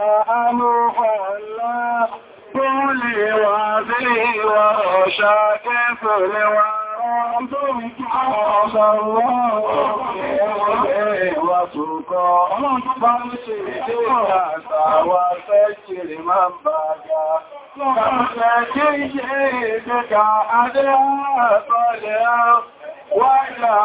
أموح الله قولي وعدي ورشاك فلي وعرضك عصى الله وسوقا فامشي الناس وسجل من بقى فامشي جيدك على طلع وإلى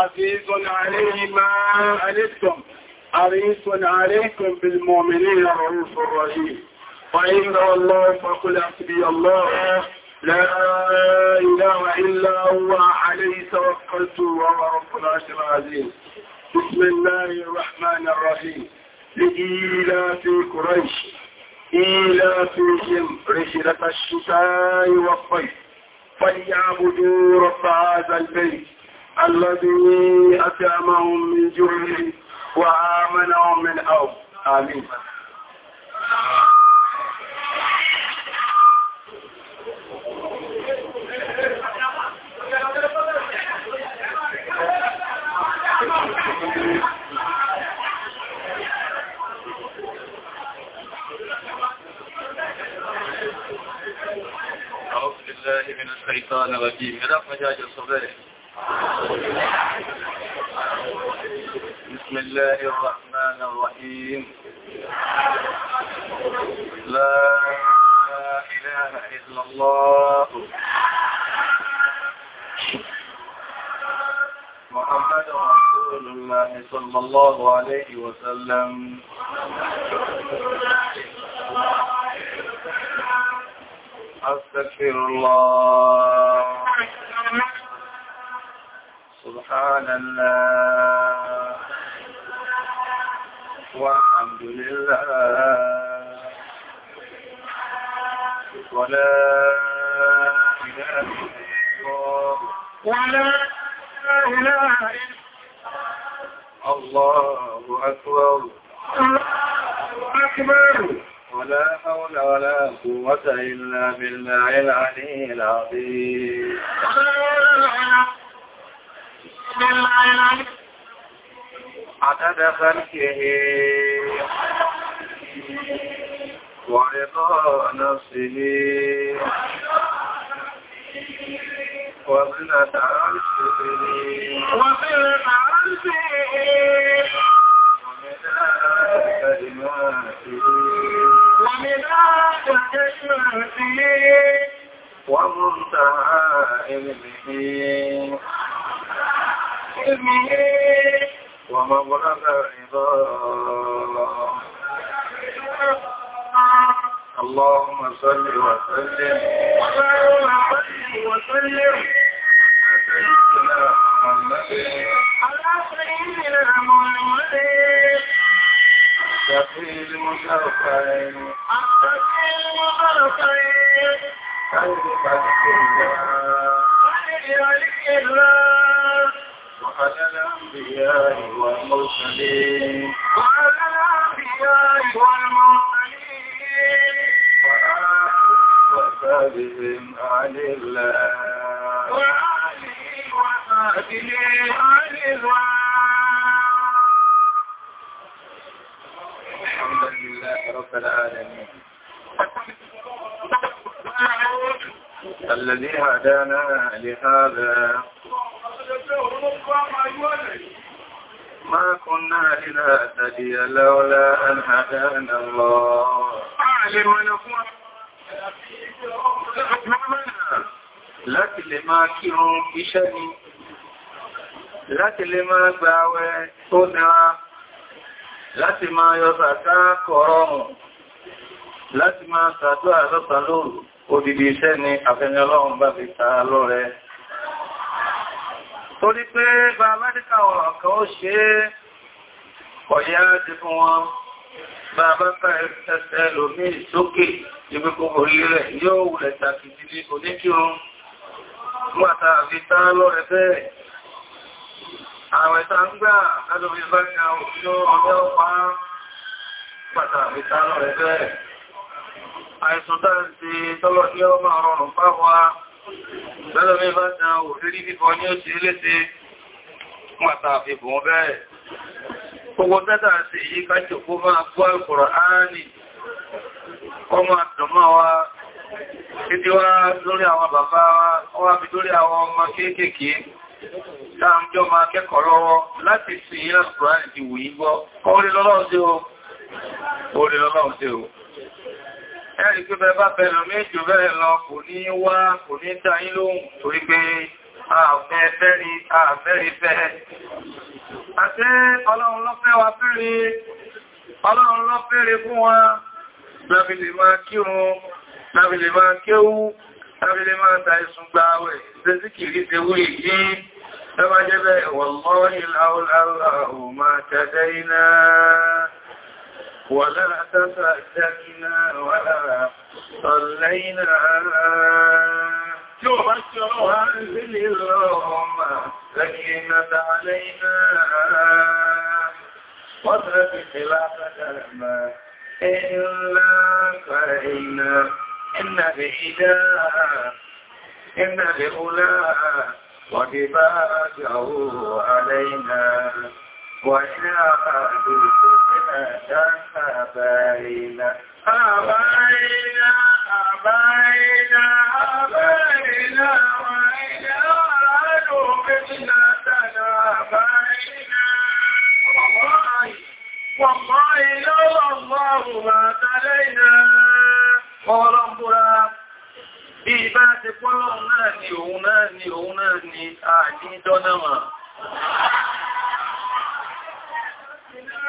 عزيز عليه ما ألدتم حريص عليكم بالمؤمنين رؤوف رحيم فإن الله فقل حسبي الله لا إله إلا هو عليه توكلت وهو رب العرش بسم الله الرحمن الرحيم لإيلاف قريش إيلافهم رحلة الشتاء والصيف فليعبدوا رب هذا البيت الذي أتامهم من جوع وآمنهم من أرض آمين أعوذ بالله من الشيطان الرجيم رب مجاج الصغير بسم الله الرحمن الرحيم لا إله إلا الله محمد رسول الله صلى الله عليه وسلم أستغفر الله سبحان الله والحمد لله ولا إله إلا الله ولا إله إلا الله أكبر الله أكبر ولا حول ولا قوة إلا بالله العلي العظيم عدد خلقه ورضا نفسه وزنة عرشه وزنة عرشه ومداد كلماته ومداد كلماته ومنتهى علمه علمه ومبلغ رضاه اللهم صل وسلم وسلم على محمد على سيدنا محمد شفيع المشرفين الشفيع المشرفين خير خلق الله خير خلق الله وعلى الأنبياء والمرسلين وعلى الأنبياء والمرسلين وآلهم عن الله وآله عن الله الحمد لله رب العالمين الذي هدانا لهذا ما كنا لنهتدي لولا أن هدانا الله أعلم نفوة láti lè máa kírun iṣẹ́ ni láti lè máa gba àwẹ̀ tó nira láti máa yọ sàká kọ̀rọ̀rùn láti máa sàdúrà lọ́sàn lóòrùn iṣẹ́ ni àfẹ́ni bá fi ta lọ́rẹ torí pé bá amẹ́ríkà ọ̀rọ̀ kan ó ṣe ọ̀yá ti fún wọn bá bábá ẹsẹ̀ lómi sókè ibi kò orí rẹ̀ yóò wùlẹ̀ tàbí ìdílé oníkírun mọ́ta àfi tán lọ́rẹ̀ bẹ́ẹ̀ àwẹ̀ tán gbà lọ́dọ̀bí bá ní àwọn ọjọ́ pa mọ́ta àfi àìsùn dáa ti tọ́lọ̀ ní ọmọ ọ̀rọ̀rùn fáwọn mi bá tán òfírí fífọ́ ní ó ti léṣe pàtà àfihàn bẹ́ẹ̀. Gbogbo tẹ́tà sí èyí kájò kó máa gbọ́ ìkọ̀rọ̀ áánì, kọ́ máa wa, títí wá lórí àwọn bàbá wa, wá fi lórí àwọn ọmọ kéékèèké, máa kẹ́kọ̀ọ́ lọ́wọ́ láti sí ẹ̀rí pé bẹ́ẹ̀ bá bẹ̀rẹ̀ méjò bẹ́ẹ̀ lọ kò ní wá kò ní dáyín lóhùn torí pé àfẹ́ fẹ́rí àfẹ́rí fẹ́ àti ọlọ́run ló fẹ́ wa fẹ́rí ọlọ́run ló fẹ́rí fún wa lábìlè máa kírun lábìlè máa kéwú lábìlè máa ta ìsùn gba àwẹ̀ zẹ́síkìrí ولا تفأتنا ولا صلينا تبشرها باليوم لكنت علينا واترك خلافك لما إلا فإنا إن بإله إن بأولى وكفاك علينا وإلى أبينا أبينا أبينا أبينا أبينا وإلى أبينا أبينا والله والله لولا الله ما علينا وربنا bí bá ti pọ́lọ̀ náà ni òun náà ni òun náà ni àjíjọ́ náà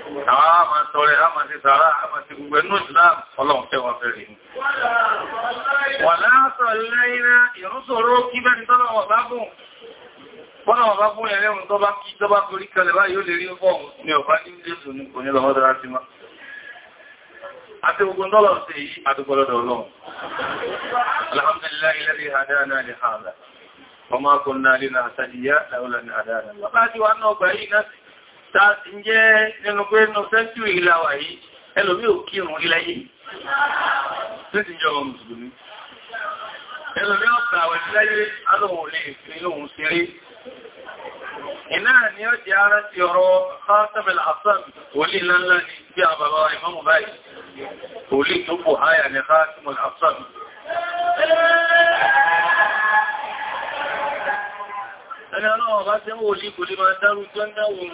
àwọn àmà sọ̀rẹ̀ àmà sí sàárà àmà sí gbogbo ẹnú Islam ọlọ́run tẹ́ wọn fẹ́rẹ̀ ní wà láàtọ̀ lẹ́yìnà ìrúsọ̀rọ̀ kí bẹ́ni tọ́lọ̀ wọ̀ bá bùn bọ́nà wọ̀ bá bùn ẹ̀rẹ́rùn tọ́ bá kí tọ́ bá gorí kalẹ̀ báyìí ó lè rí fọ́ ní ọ̀pá ní ilé ìsùn ní kò ní lọ́wọ́dọ̀ láti má àti gbogbo tọ́lọ̀ sí yìí àdúgbọ́lọ́dọ̀ ọlọ́run alhamdulillahi alladhi hadana ta ǹjẹ́ nínú pé nínú sẹ́ńtúrì ìlàwà yìí ẹlòmí ò kírun iláyé nítìjọ mùsùlùmí ẹlòmí ọ̀tà àwẹ̀ iláyé alóhun lè fi lóhun ṣeré iná ni ó jẹ́ ara ti ọ̀rọ̀ Khatamul Hasan wòlí ńláńlá ni bí a bàbá Imam báyìí wòlí tó kò háyà ní ẹni ọlọ́wọ̀ bá tẹ́wọ̀ wòlí kò lè máa dárú tó ń dáwò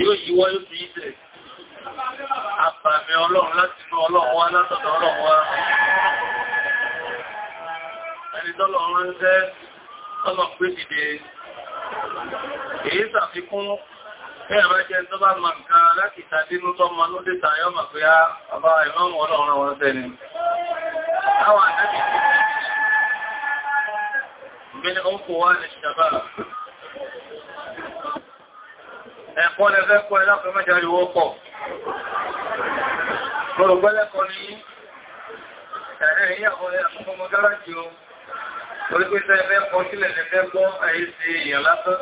yóò yíwọ́ yóò fi ìtẹ̀ àpàmì ọlọ́run láti inú ọlọ́run wá látọ̀dọ̀ ọlọ́run wá ẹni tọ́lọ̀run ń tẹ́ tọ́lọ̀ pé dìde èyí sàfikún ẹ bá jẹ́ tó bá ma nǹkan láti ìtàdínú tó ma ló dìta yọ́ mà pé ah, àbá ìrọ̀mù ọlọ́run wọn tẹ́ni Àwọn àjẹ́bì ẹ̀kọ́ lẹ́fẹ́ kọ́ ẹlọ́pẹ́ mẹ́jọ ìwọ́ pọ̀. Gbọ́rọ̀gbọ́lẹ́kọ́ ní ẹ̀rẹ́ ìyàwó ẹ̀kọ́ ọmọ gáràjì o. Torí pé tẹ́ẹ̀fẹ́ kọ́ sílẹ̀ lẹ́fẹ́ gbọ́ àyí sí èèyàn lásán.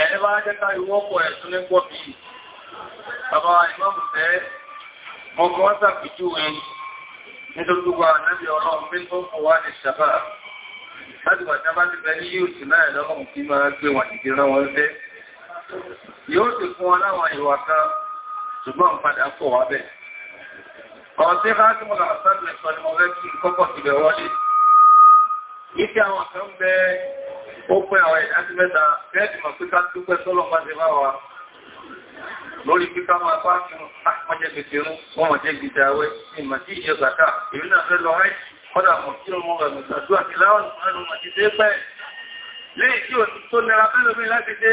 Ẹ̀ẹ́ bá jẹ́ ká ìwọ́ pọ̀ ẹ̀sùn ní pọ̀ bí. Bàbá ìmọ́mù tẹ́ mọ́kọ́ wọ́n sàpìjú ẹ̀ nítorí gbogbo ànábì ọlọ́run pé tó kọ̀ wá ní ṣàbá. Láti wà tí a bá ti bẹ ní yíò sí náà lọ́rùn kí máa gbé wọn ìdíran wọn fẹ́ yóò sì fún wọn láwọn ìwà kan ṣùgbọ́n padà kọ̀ wá bẹ̀. ọ̀rọ̀ tí rájúmọ̀lá àṣánlẹ̀ sọ ni mo rẹ́ kí kọ́kọ́ ti bẹ̀ wọlé ìkẹ́ àwọn kan bẹ ó pẹ́ àwọn ìdájí mẹ́ta kẹ́ẹ̀dìmọ̀ píká tí ó pẹ́ sọ́lọ̀ máa ṣe bá wa lórí píká máa bá kí wọ́n jẹ́ gbèsè rún wọ́n wọ́n jẹ́ gbèsè àwẹ́ ní màtí ìṣẹ́ ṣàkà èmi náà fẹ́ lọ ráì kọ́dà mọ̀ kí ọmọ rẹ̀ mọ̀ ṣàdúrà sí láwọn ìpínlẹ̀ màtí dé pẹ́ lẹ́yìn tí ò tó nira fẹ́ láti dé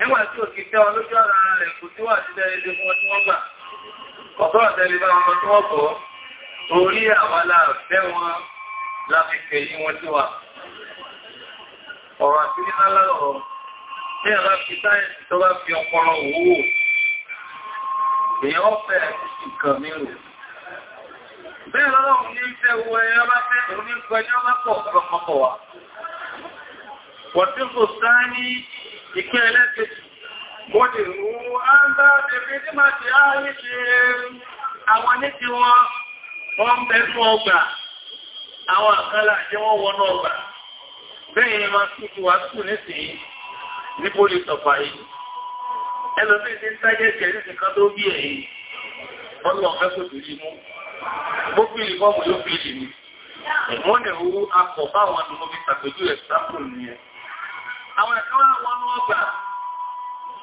nígbà tí ò ti tẹ́ wọn lójú ara rẹ̀ kò tí wà sí dẹ́rẹ́dẹ́ fún ọdún wọ́n gbà ọ̀tọ́ àtẹ́lẹ́ bá wọn tí wọ́n kọ́ torí àwọn aláàfẹ́ wọn láfífẹ́ yí wọn tí wà ọ̀rọ̀ àti ní alárọ̀ ní ẹ̀rọ fi sáyẹ̀nsì tó bá fi ọpọlọ wòó èèyàn fẹ́ nǹkan mìíràn bẹ́ẹ̀ lọ́lọ́run ní ìfẹ́ owó ẹ̀yọ́ bá fẹ́ òní pẹ̀lú ọmọ pọ̀ pọ̀pọ̀ wà wọ̀tíkò sáyẹ̀ ìpín ẹlẹ́kẹ̀ẹ́sì mo dì mú áńdá ẹgbẹ́ tí máa ti áyé ṣe àwọn ní ti wọn wọ́n ń bẹ fún ọgbà àwọn àkálà jẹ́ wọ́n wọnú ọgbà bẹ́ẹ̀ ni máa tún ti wà tún nísìnyí ní pólì sọ̀fà yìí ẹlòmí ti ń tájẹ́ jẹ́ ní nìkan tó bí èyí ọlọ́ ọ̀fẹ́ kò tó rí mú mo fi lè bọ́ọ̀mù ló fi lè mú mo ní owó ẹ̀ àwọn ẹ̀kọ́ wọn wọ́n gbà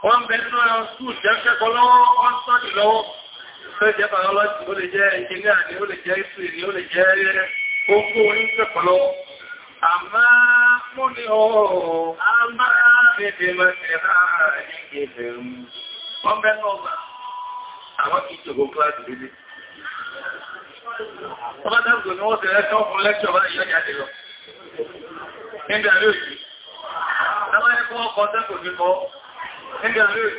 wọ́n bẹ̀ tún àwọn skúù jẹ́ kẹ́kọ̀ọ́ lọ́wọ́ wọ́n sọ́dì lọ́wọ́ tó jẹ́ biology ó lè jẹ́ engineer ni ó lè jẹ́ history ni ó lè jẹ́ gbogbo orin kẹ́kọ̀ọ́ lọ́wọ́ àmá mú ní ọ̀rọ̀ àmá fẹ́fẹ́ mẹ́fẹ́ láàárín ìfẹ́ mú wọ́n bẹ́ lọ́gbà àwọn kìí jòkó kíláàsì lílé ọmọdé àgbò ni wọ́n tẹ̀lẹ́ tọ́ fún lẹ́kṣọ́ bá ìyọ́ lọ nígbà Àwọn ẹ̀kọ́ ọkọ̀ tẹ́kò ní kọ́. Nígbà rẹ̀,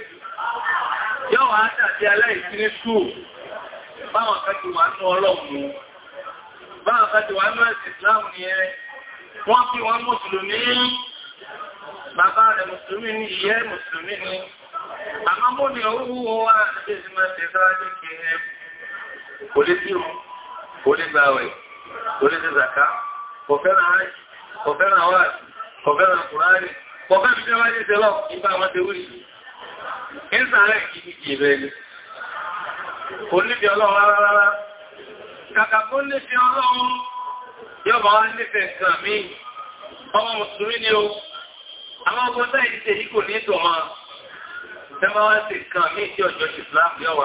yọ́ wà á tàbí aláìsí ní ṣùù, báwọn kàtí wà ní ọlọ́run. Báwọn kàtí wà ní ẹ̀sì Islam ni ẹ, wọ́n fi wọ́n Mùsùlùmí, bàbá rẹ̀ Mùsùlùmí ni ìyẹ́ Mùsùlùmí ni. Àmọ́ mọ́ ni owó wà ní ìsinmi kò lè tí wọn kò lè gba àwẹ̀ kò lè ti zaka kò fẹ́ràn ààrẹ kò fẹ́ràn àwọ̀ kò fẹ́ràn kùránì Bọ̀bá mi jẹ́wà ní ìṣẹ́lọ ìbá wọn ti wúrí. Ń sàárẹ̀ ìdíjì ìbẹ̀ẹ́lẹ̀. Kò níbi ọlọ́run rárá. Kàkà kó níbi ọlọ́run yọba wá nífẹ̀ẹ́ kan mí. Ọmọ Mùsùlùmí ni ó. Àwọn ọkọ̀ tá ìṣe yìí kò ní ìtọ̀ máa. Tẹ́bá wá sí kan mí tí ọjọ́ ìsìláàmù yọ̀wà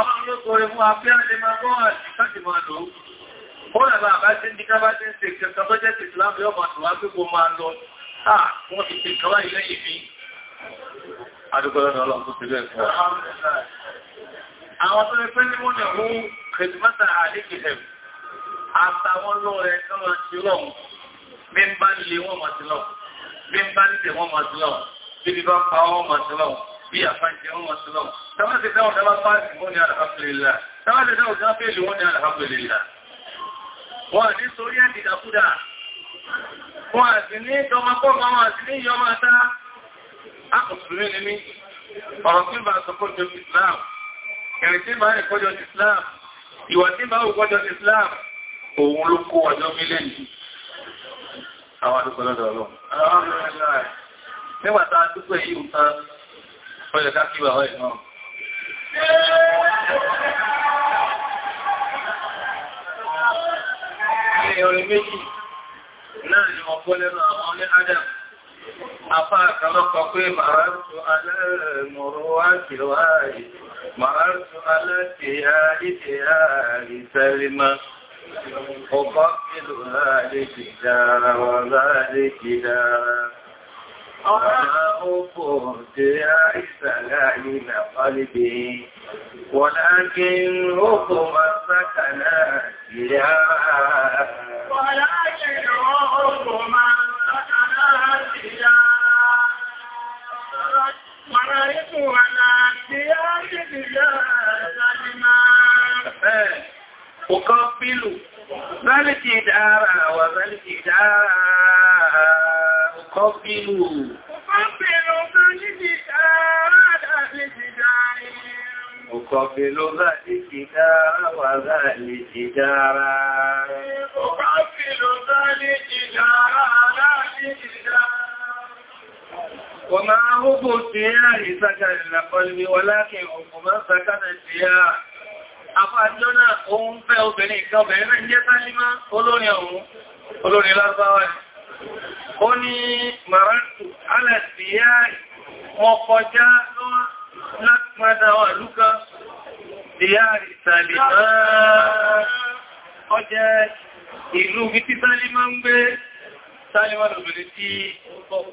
Ọlọ́run yóò kọrẹ fún afẹ́ àti máa gbọ́ àti káàkiri máa lò ó. Ó rẹ̀ bá bá tí ń díká bá Ah, wọ́n ti ṣe kọwàá ilé yìí fi. Adúgbẹ́ lọ́nà ọlọ́run tó ti bẹ́ẹ̀ fún wa. Àwọn tó lè pẹ́ ní wọ́n lè hú Kìtìmọ́ta àdékìlẹ̀. Àtàwọn lọ́rẹ̀ kan máa ti lọ. Bí ń bá nílé wọ́n máa ti lọ. Bí ń bá nílé wọ́n máa ti lọ. Bí bí bá pa máa ti lọ bí àfájẹ wọn wọ́n sílọ́wọ́. Tọ́bá ti dáwọn dáwọn pàtì wọ́n ni alhamdulillah. Tọ́bá ti dáwọn dáwọn pèlú wọ́n ni alhamdulillah. Wọ́n ní sórí ẹ̀dì dàkúdà. Wọ́n àti ní tọmọkọ́ wọn àti ní yọmọ ta. A kò sùúrù ní mí. Ọ̀rọ̀ tí bá sọkọ́ jọ Islam. Ẹ̀rìn tí Islam. Ìwà tí bá Islam. Òun ló kó ọjọ́ mílíọ̀nù. Àwọn àdúgbò lọ́dọ̀ ọlọ́run. Nígbàtà àdúgbò yìí ń tán ọjọ́ ká kí bàbá ìmọ̀. Ilé orin méjì náà ni wọ́n kọ́ lẹ́nu àwọn ní Adam. Afá àkàlọ́kọ̀ pé màárùn-ún alẹ́mọ̀rọ̀ wá kìlọ́ ààrẹ, ìlú láàrín kìdára wà láàrín kìdára. أفوتي سلام قلبي ولكن حكم السكنات يا ولكن حكم السكنات يا مررت على سياج بجازلنا أقبل ذلك دارا وذلك دارا Kọ́pìlù. Kọ́pìlù bá níbi ààrà lè ti dáre. Kọ́pìlù bá níbi ààrà lè ti dára. Kọ́pìlù bá níbi ààrà lè ti dára. وما عقب الثياء سكن القلب ولكن عقب سكن الثياء Àfájọ́nà òun fẹ́ obìnrin kan bẹ̀rẹ̀ jẹ́ Sálímá olórin ọ̀run, olórin lágbàwà ni ó ní marantu alàtíyà wọn kọjá lápàdà wà lúkà díyàrí sàlìmá ọjẹ́ ìlú bí tí sálímá ń gbé sálímá lòbìnrin tí ó kọ̀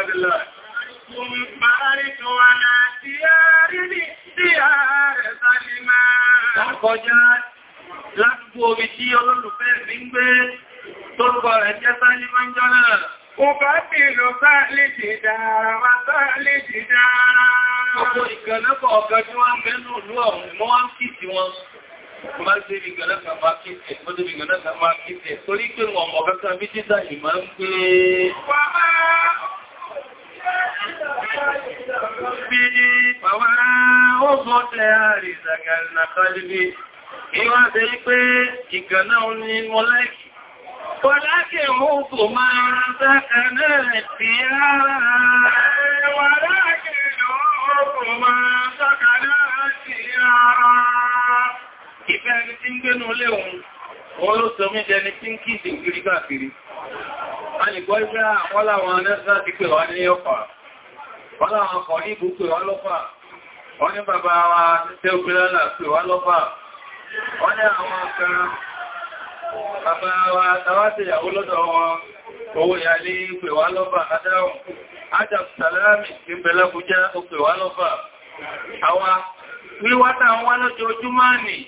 عباد الله Márìtò àná tí a rí ní tí a rẹ̀ sálímá. Ọkọjá látúgbò omi tí olólùfẹ́ mi ń gbé tó lùgbà rẹ̀ jẹ́ sálímá ń jọ́nà. Ó bá bí lọ bá lè jì dára wá bá lè jì dára. Ọkọ̀ ìgbẹ̀lẹ́kọ̀ ọ̀gá tí wọ́n mẹ́nu ìlú ọ̀rùn ni wọ́n kì sí wọn. Má ṣe àkọlìbí ìwọ́n ṣe yí pé ìgànná ní mọ́láìkì Wàlákè mọ́kò máa sákà náà ti ara. Wàlákè mọ́kò máa sákà náà ti ara. Ìfẹ́ ẹni tí ń gbénú lé wọ́n ló sọ mí jẹni tí ń kí ìsìn káàkiri. A lè gbọ́ ah, wọ́n ní bàbá wa tẹ́ òpínlẹ̀ pè wá lọ́fà wọ́n ní àwọn kan bàbá wa tàwátẹ̀ ìyàwó lọ́dọ̀ wọn owó ìyàlé pè wá lọ́fà adáhùn ajab salami ti bẹ̀lẹ̀ bújá ó pè wá lọ́fà àwa wíwátà wọn lójoojúmọ́ nì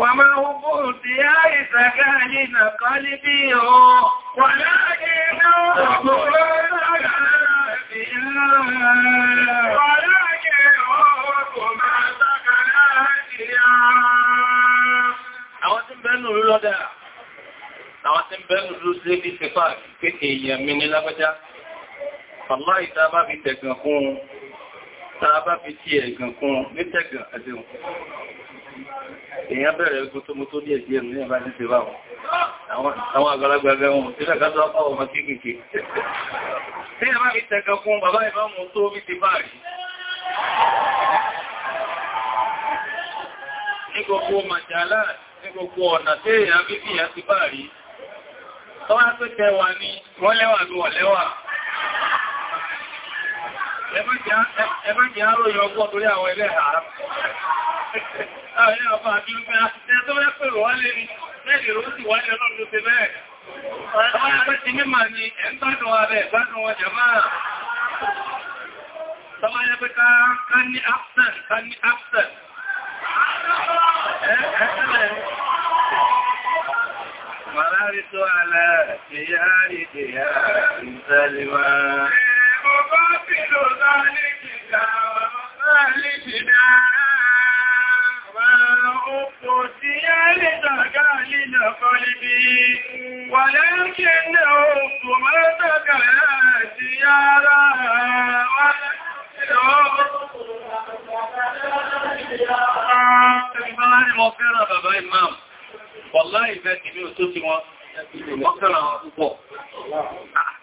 Wàmá ogun ti á ìsàgá ní ìnàkọ́lé bí o, wà láàrin náà ọgbọ̀n láàrin náà Àwọn tí ń bẹ́nu rú lọ́dà, àwọn tí ń bẹ́nu rú sí bí fífà pé èèyàn mi ní lágbájá. Fàlá ìta bá fi tẹ̀gàn fún un, ta bá fi tí ẹ̀gàn fún un ní tẹ̀gàn àti òun. Èèyàn bẹ̀rẹ̀ ẹgbó tó mú tó díẹ̀ díẹ̀ ní ẹ̀bá ní ti báwọn. Àwọn ní gbogbo màjálà ní gbogbo ọ̀nà tí èèyàn bí kí ìyá ti bá rí tọ́wá pé tẹwà ní wọ́n lẹ́wà ló wọ̀ lẹ́wà ẹmọ́jẹ́ àròyìn ọgbọ́n torí àwọn ilẹ̀ àárá àwọn ọba àbí ọgbẹ́ àṣìṣẹ́ tó rẹ́ pẹ̀lú wọ́n lè ní mẹ́rin ló sì wáyé ọlọ́run ló ti bẹ́ẹ̀ ọwọ́ ẹgbẹ́ ti mímọ̀ ni ẹgbádùn ààrẹ ìgbádùn wọn jẹ máa tọ́wọ́ ẹgbẹ́ ká ní absent Màlárí tó alẹ́ ìyárí ìdíyà ìtẹ́lìmá. Ẹ̀mọ bá fi lò láàrín kìtà láàrín kìtà. Wà ó kò sí yárí tàgá nínú kọlìbí. Wà lẹ́kí ní òkú mọ́tàkà láti yára.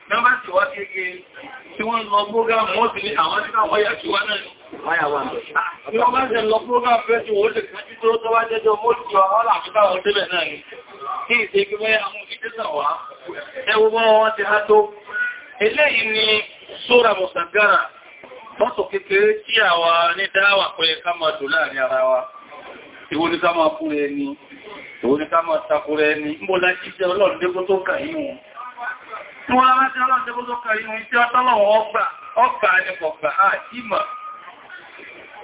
Mẹ́bá ti wá kéèké tí wọ́n lọ prógámù wọ́n ti ní àwọn tí káwọn yà kí wá náà ní. Tí wọ́n bá jẹ lọ prógámù fẹ́ tí wọ́n lè kájú tó tó wá jẹjọ mọ́sí wa wọ́n làfíkà wọ́n tẹ́lẹ̀ náà ní. Kí ìṣẹ́gbẹ́ mẹ́ àwọn ìdẹ́sà wá, ẹwọ́ wọ́n ti há tó. Eléyìí ni Sóra Mọ̀sàgára Mọ́sọ̀ kékeré tí àwa ní dáwà pẹ̀lẹ̀ ká máa dò láàrin ara wa. Ìwò ní ká máa fún ẹni, ìwò ní ká máa takúrẹ ẹni, ń bó láti iṣẹ́ ọlọ́run dé kó tó kà yí wọn. Tí wọ́n láti ọlọ́run dé kó tó kà yí wọn, iṣẹ́ ọlọ́run ọgbà, ọgbà ni kọ̀gbà àjímọ̀.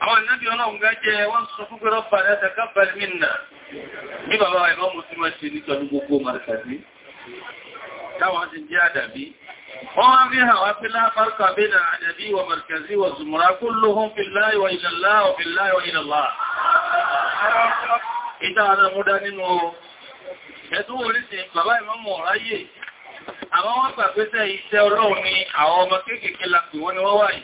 Àwọn ìnábí ọlọ́run gẹ́jẹ́ wọ́n sọ fún pẹ́rọ bàrẹ́ takabbal minna. Bí bàbá ìmọ́ mo ti máa ṣe nítorí gbogbo màrìkàdí. Táwọn ti jẹ́ àdàbí, وما فيها وفي الله فرق بين العنبي ومركزي والزمراء كلهم في الله وإلى الله وفي الله وإلى الله إذا أنا مدى منه يدوه لسي بابا إمام مرأي أما وفا فتا يسيروني أو مكيكي كلاك بواني وواي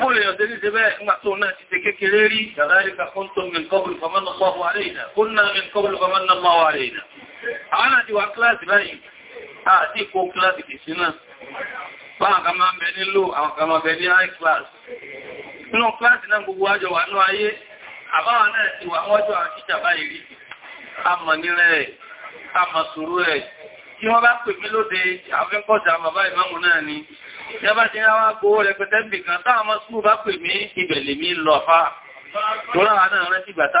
قول يا سيدي سباة ما تونا تتكيكي ليري كذلك كنتم من قبل فمن الله علينا كنا من قبل فمن الله علينا أنا دي وأكلا سباة àti ah, ìkó kíláàsì kìsí náà báwọn kan máa ń bẹ nílò àwọn kan máa bẹ ní high class nínú kíláàsì náà gbogbo àjọ wà ní ayé àbáwọn náà ti wà wọ́jọ́ àkíjà báyìí rí àmọ̀ nílẹ̀ ẹ̀ àmọ̀ sùúrù ẹ̀ tí wọ́n bá pè mí lóde àfẹ́kọ́sà bàbá ìmáàmù ni yẹ bá ti ráwá gbówó rẹpẹtẹ bìkan táwọn ọmọ sùúrù bá pè mí ibẹ̀ lèmi lọ fa tó láwọn náà rántí gbàtà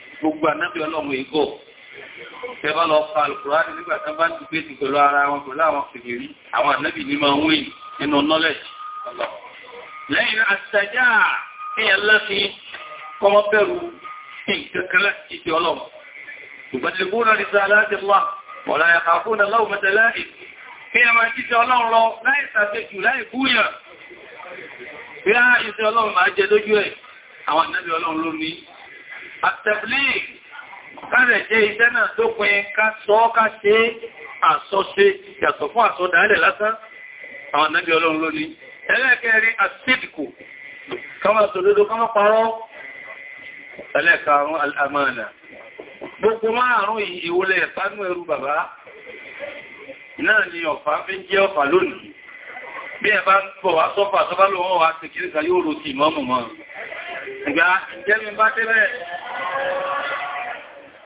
gbogbo ànábì ọlọ́run èkó tẹ́bá lọ fa alùkùránì nígbà tán bá ń dùgbé ti pẹ̀lú ara wọn pẹ̀lú àwọn kìrìrí àwọn ànábì ní máa wí nínú knowledge lẹ́yìn àtàjá èèyàn láti kọmọ bẹ̀rù ìkankan láti ti ọlọ́run ìgbàdìgbóná ní sáà láti wà ọ̀la ẹ̀ka fún aláwọ̀ mẹ́tẹ̀lá èèyàn máa jíjẹ ọlọ́run lọ láì sàfẹ́jù láì búyàn bí á ìṣẹ́ ọlọ́run máa jẹ lójú ẹ̀ àwọn ànábì ọlọ́run ló ní àtẹ̀blì kárẹ̀ jẹ́ iṣẹ́ náà tó pin ká sọ ká ṣe àsọṣe yàtọ̀ fún àsọdálẹ̀ lásán àwọn náàbí ọlọ́run lónìí ẹlẹ́ẹ̀kẹ́rin àsìdìkò kọmọ sòdodo kọmọ parọ́ ẹlẹ́ẹ̀kàrún al'amana gbogbo márùn ìwòlẹ̀ ìpánú ẹrù bàbá náà ni ọ̀fà fi ń jẹ́ ọ̀fà lónìí bí ẹ bá ń bọ̀ wá sọ́fà sọ́fà lọ́wọ́ wá tẹ̀kìríkà yóò rò sí mọ́mù mọ́ ìgbà ìjẹ́mi bá tẹ́lẹ̀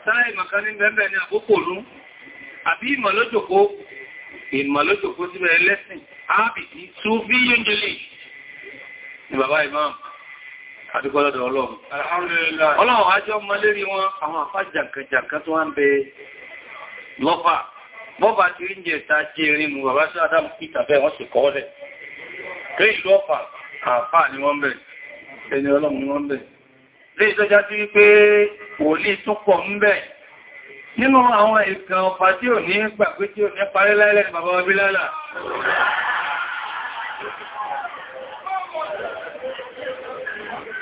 Táì màkan ní bẹ́ẹ̀bẹ̀ ní àkókò rú, àbí ìmọ̀ lójòkó, ìmọ̀ lójòkó sí bẹ̀rẹ̀ lẹ́sìn, ábìtì, súfí yónjẹ́lì ni bàbá imam, àdúgbọ́lọ́dọ̀ ọlọ́run. Ọlọ́run ajọ́ mọ́ lérí wọn, àwọn àfá jàǹkànjàǹkàn tó wá ń bẹ lọ́fà. Bọ́bà ti rí ń jẹ ta jẹ́ rí mú bàbá sí Adam Peter bẹ́ẹ̀ wọ́n sì kọ́ lẹ̀. Kí ìlú ọ̀fà àfá ni lè sọjá sí wípé wòlí tó pọ̀ ń bẹ̀ nínú àwọn ìkan ọ̀pá tí ò ní gbà pé tí ò ní parí láìlẹ̀ bàbá wa Bílálà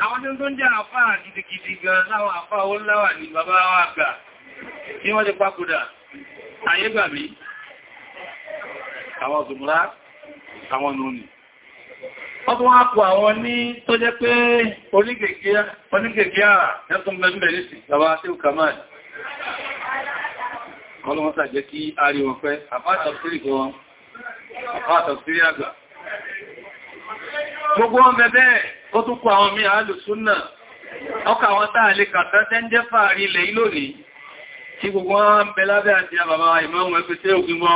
àwọn tí ó tó ń jẹ́ àfáà gidigidi gan láwọn àfáà ó láwà ní bàbá wa àgbà tí wọ́n ti papòdà ayé gbàmí àwọn zùmúrá àwọn nùnì ọdún wá kò àwọn ní tó jẹ́ pé onígègé àà ẹkùn mẹ́rin sí bàbá tí ó kàmáà ọlọ́wọ́n sàjẹ́ kí a rí wọn pẹ́ àpáàtàkiri gan àpáàtàkiri àgbà gbogbo wọn bẹ̀bẹ̀ ó tún kọ àwọn mí àálùsúnnà ọkà àwọn táà lè kàtà tẹ́ ń jẹ́ fàárí ilẹ̀ ìlónìí tí gbogbo wọn bẹ lábẹ́ àti àbàbà ìmọ̀ ẹgbẹ́ tí ó gbímọ́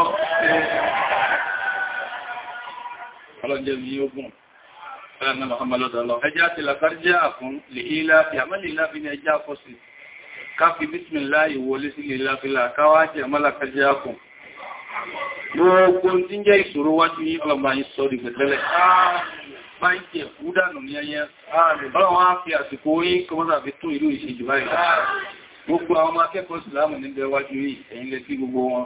ọlọ́jẹ́ mi ó gùn Fẹ́lẹ́nà Mọ̀hánmàlọ́dọ̀ lọ. Ẹjá ti làkàrjá fún lèílá fi àmàlèlá fi ní ẹjá fọ́sí. Ká fi bísmìlá ìwọlé sí lèílá fi làkáwá jẹ́ àmàlàkàrjá fún. Gbogbo tí ń jẹ́ ìṣòro wájú ní ọlọ́mà yìí sọ rí gbẹ̀tẹ́lẹ̀. Bá ń jẹ fúdánù ní ẹyẹ. Ọlọ́wọ́n á fi àsìkò yìí kọmọ́sà fi tún ìlú ìṣèjì báyìí. Gbogbo àwọn akẹ́kọ̀ọ́ ìsìlámù níbẹ̀ wájú yìí, ẹ̀yin lẹ sí gbogbo wọn.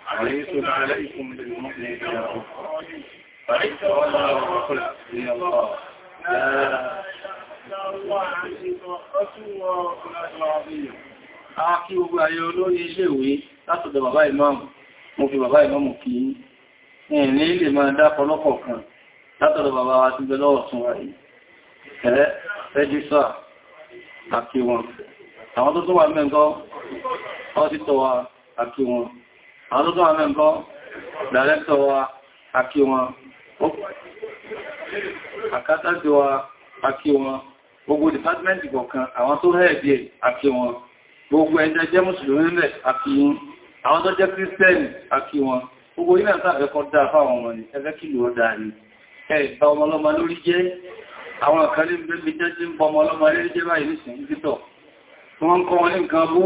وليس عليكم بالمؤمنين فإن تولى الرسل إلى الله لا الله عزيز رسول الله العظيم Àkí gbogbo ayé olórí ilé ìwé látọ̀dọ̀ bàbá ìmáàmù, mo fi bàbá ìmáàmù kí ní ní ilé máa dápọ̀ lọ́pọ̀ kan látọ̀dọ̀ bàbá wa ti bẹ̀lọ́ ọ̀tún wà yìí. Ẹ̀rẹ́ rẹ́jísà àkí wọn. Àwọn tó tó wà mẹ́ǹkan, ọ́ àwọn tó tó wà mẹ́ǹkọ́ dàrẹ́kítọ̀ wa akí wọn àkátàsí wa akí wọn gbogbo dìpátímẹ́ntì kọ̀ọ̀kan àwọn tó hẹ́ẹ̀bí ẹ̀ akí wọn gbogbo ẹjẹ́ jẹ́ mùsùlùmí lẹ̀ akí yín àwọn tó jẹ́ kírísítẹ́nì akí wọn gbogbo ilẹ̀ àtàfẹ́kọ́ ni ẹgbẹ́ kìlú ọ̀dà ni ẹ̀ bá ọmọlọ́mọ lórí jẹ́ àwọn àkàlẹ́ ìgbẹ́gbẹ́ jẹ́ tí ń bọ ọmọlọ́mọ lórí jẹ́ báyìí nísìnyí títọ̀ wọ́n ń kọ́ wọn ní nǹkan bú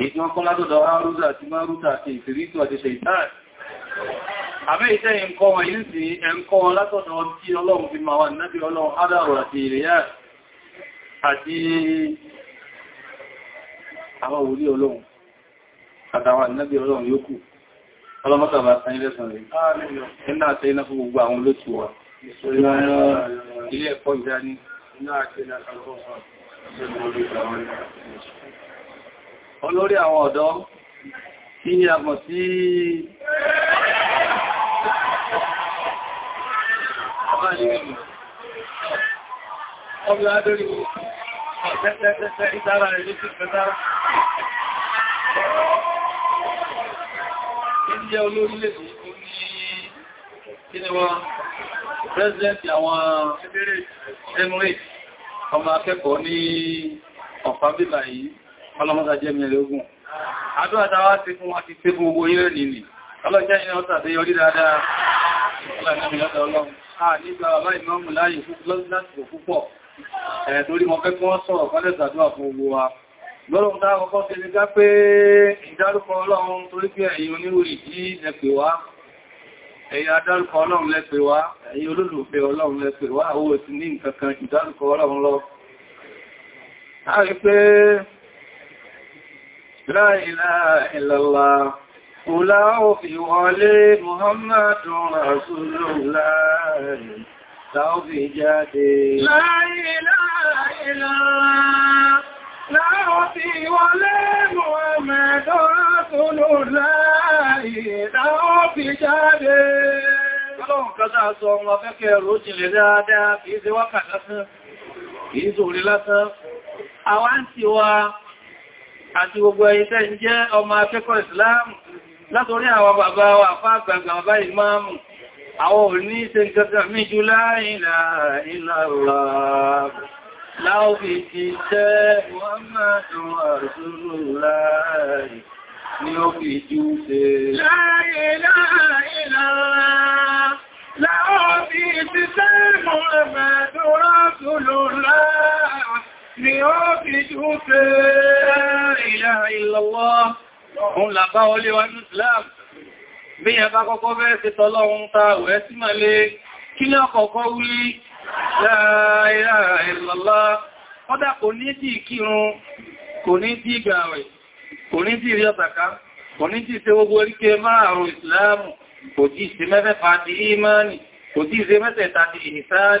èyí wọ́n kọ́ látọ̀dọ̀ arúdà àti márúdà àti ìfìrítù àti ṣèìtàn àbẹ́ ìtẹ́ ẹ̀kọ́ wọn yìí sí ẹ̀kọ́ látọ̀dọ̀ tí ọlọ́run fi máa wà náàbí ọlọ́run adàrò àti ìrìyà àti àwọn òrí ọlọ́run àtàwà náàbí ọlọ́run olórí àwọn ọ̀dọ́ tí ní àpọ̀ sí ọmọ adórí ọ̀tẹ́tẹ́tẹ́tẹ́ ìtara rẹ̀ ló sì pẹ̀tára Ilé olórílẹ̀ òun ní kí ni wọ́n, President àwọn Emirates, ọmọ akẹ́kọ̀ọ́ ní ọ̀pá bíbà yìí, ọlọ́mọ́ta jẹ́ mi lógún àdúrà tàwà ti fún wọn ti tẹ́ fún gbogbo ilẹ̀ nìlì ọlọ́jẹ́ iná ọ̀tà tẹ́ yọrí dáadáa ọlọ́run lọ́rùn dáa kọ́kọ́ tẹ́lẹ̀ gá pé ìdárúkọ ọlọ́run torí pé ẹ̀yin onírúurì jí lẹ́pẹ̀ wá ẹ̀yin adárúkọ ọlọ́run lẹ́pẹ̀ wá ẹ̀yin olólùfẹ́ ọlọ́run lẹ́pẹ̀ wá owó ti ní nǹkan kan ìdárúkọ ọlọ́run lọ La ilaha illallah, Ola òfin wọlé Muhammadun Rasulullah, Láòfin jáde. La ilaha illallah, Láòfin wọlé Muhammadun Rasulullah, Láòfin jáde. Ọlọ́run kọjá sọ ọmọ afẹ́kẹ́ rò jìnlẹ̀ dáadáa kìí ṣe wákàtí lásán, kìí ṣe orí lásán. Àwa ń ti wa àti gbogbo ẹ̀yin tẹ́ ń jẹ́ ọmọ akẹ́kọ̀ọ́ ìsìláàmù látorí àwọn bàbá wa fàgbàgbà bàbá ìmáàmù àwọn òní ṣe gẹ́gẹ́ méjú láìlà ìlàlá láòfin ti jẹ́ Muhammadu Rasulullahi ni ó fi jú ṣe مصرعات الجهداء لا إلا الله هم لقاولي والإسلام bí ẹ bá kọ́kọ́ bẹ́ẹ̀ sí tọ́lọ́run ta wẹ́ sí máa lè kí ní ọkọ̀ọ̀kọ́ wí la ilaha illallah kọ́dá kò ní tí kírun kò ní tí gbààwẹ̀ kò ní tí rí ọ̀tàká kò ní tí ṣe gbogbo oríkẹ márùn ìsìláàmù kò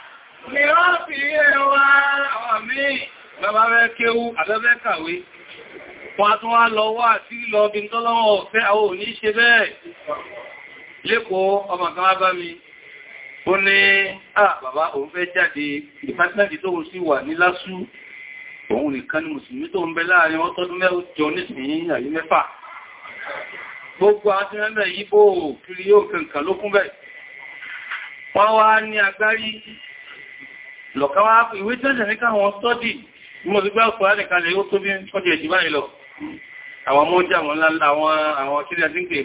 ni ó fi ẹwà àwọn mí bàbá rẹ̀ kéwú àbẹ́bẹ́ kàwé wọ́n tún wá lọ wá sí lọ bí tọ́lọ́wọ́ ọ̀fẹ́ mi ó ní à bàbá òun fẹ́ jáde ìpátínájì tó sì wà ní lásù òun nìkan ni mùsùlùmí tó ń bẹ láàrin ọtọ́dún mẹ́jọ nísìnyí àyí mẹ́fà gbogbo àtúnrẹ́mẹ́ yíbò kiri yóò kẹǹkà lókún bẹ́ẹ̀ lọ̀káwá ìwé tẹ́jẹ̀ ní káwọn stọ́dì mo ti gbá ọ̀pọ̀ láti kalẹ̀ ó tó bí ọdí ẹ̀ṣì báyìí lọ àwọn mọ́já àwọn ńláńlá àwọn kíríà tí ń pè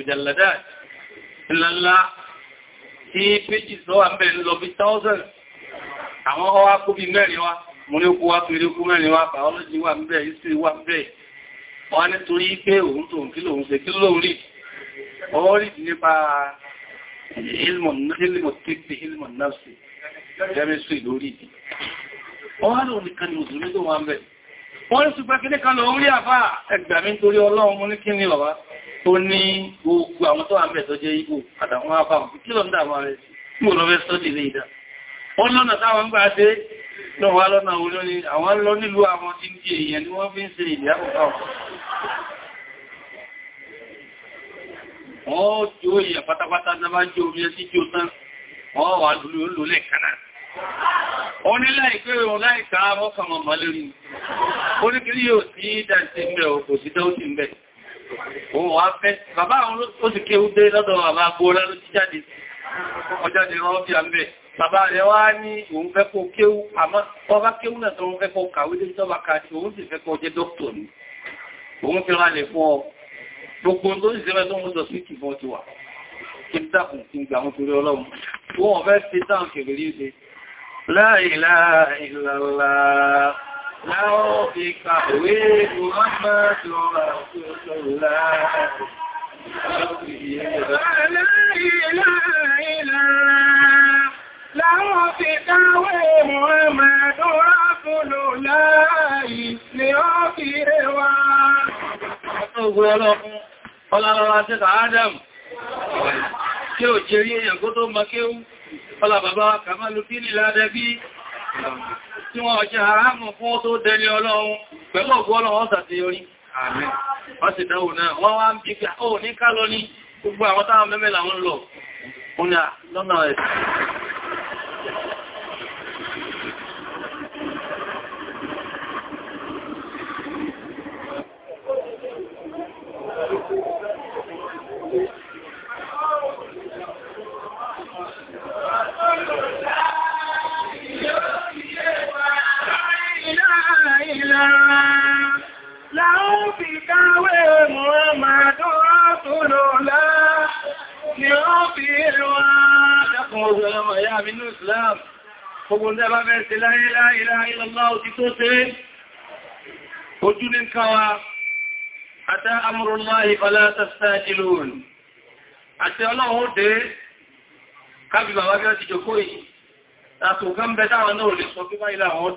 mùjálàdá ńláńlá tí péjì sọ wà mẹ́rin lọ bí thousand àwọn ọwá kó bí mẹ́rin wá mo ní okú wá tó ilé okú mẹ́rin wá biology wà chemistry lórí ìdí wọ́n wá nìkan ni mùsùlùmí tó wà ń bẹ̀ wọ́n rí ṣùgbọ́n kí ní kan lọ orí àfá ẹgbàmí torí ọlọ́run mú ní kí ní lọ́wọ́ tó ní gbogbo àwọn tó wà ń bẹ̀ tó jẹ́ igbó àtàwọn afá kí lọ ń dà wọ́n rẹ̀ mú lọ fẹ́ sọ́dì lè dá wọ́n lọ́nà táwọn gbà dé náà wá lọ́nà orí ní àwọn lọ ni wọ́n fi ń ṣe ìdí àkọ́kọ́ wọ́n jó èèyàn pátápátá náà bá jó omi ẹsí jó tán wọ́n wà lulú lulẹ̀ kaná ó ní láìpé òun láìka mọ́kànmọ́ mọ́lẹ́rin ó ní kí yóò sí dáńtí mẹ́ òkò sí dáútí mẹ́ òun wá fẹ́ bàbá àwọn ó sì ké údé lọ́dọ̀ bàbá gbóra ló jíjáde ọjáde rọ́bí àmẹ́ bàbá rẹ̀ wá ní òun fẹ́ kó kéwú àmọ́ ọba kéwú náà tó ń fẹ́ kó kàwé lé tọ́ba ká sí òun sì ìtàkùn ti gbà wọn torí ọlọ́run wọ́n fẹ́ ṣe táwọn kèrè fi káwé Muhammadu Rasulullah lè ó kìí rẹwà. Adam. kí o jẹ́ rí èyàn kó tó ma kéhù ọlá bàbá kàmálùfíìlì bí tí wọ́n ọjẹ́ haramu fún tó dẹni ọlọ́run pẹ̀lú ọgbọ́ ọlọ́run sàti orí wọ́n sì dáwò náà wọ́n wá ń bí ní káwé Muhammadu Rasulullah ni ó fi ìrìnwá dákùn ogun ọmọ ìyá mi ní Islam. Gbogbo ń dẹ́bá bẹ́ẹ̀ sí láyé láìlá ìlọ́lá òtí tó ṣe ojú ní káwa, àtà amúrùnmáhì fàlá tàṣájìlòun. Àti ọlọ́run ó dé, kábí bàbá bí ó ti jòkó yìí, tàṣùgbọ́n bẹ́ táwọn náà lè sọ bí bá ilá àwọn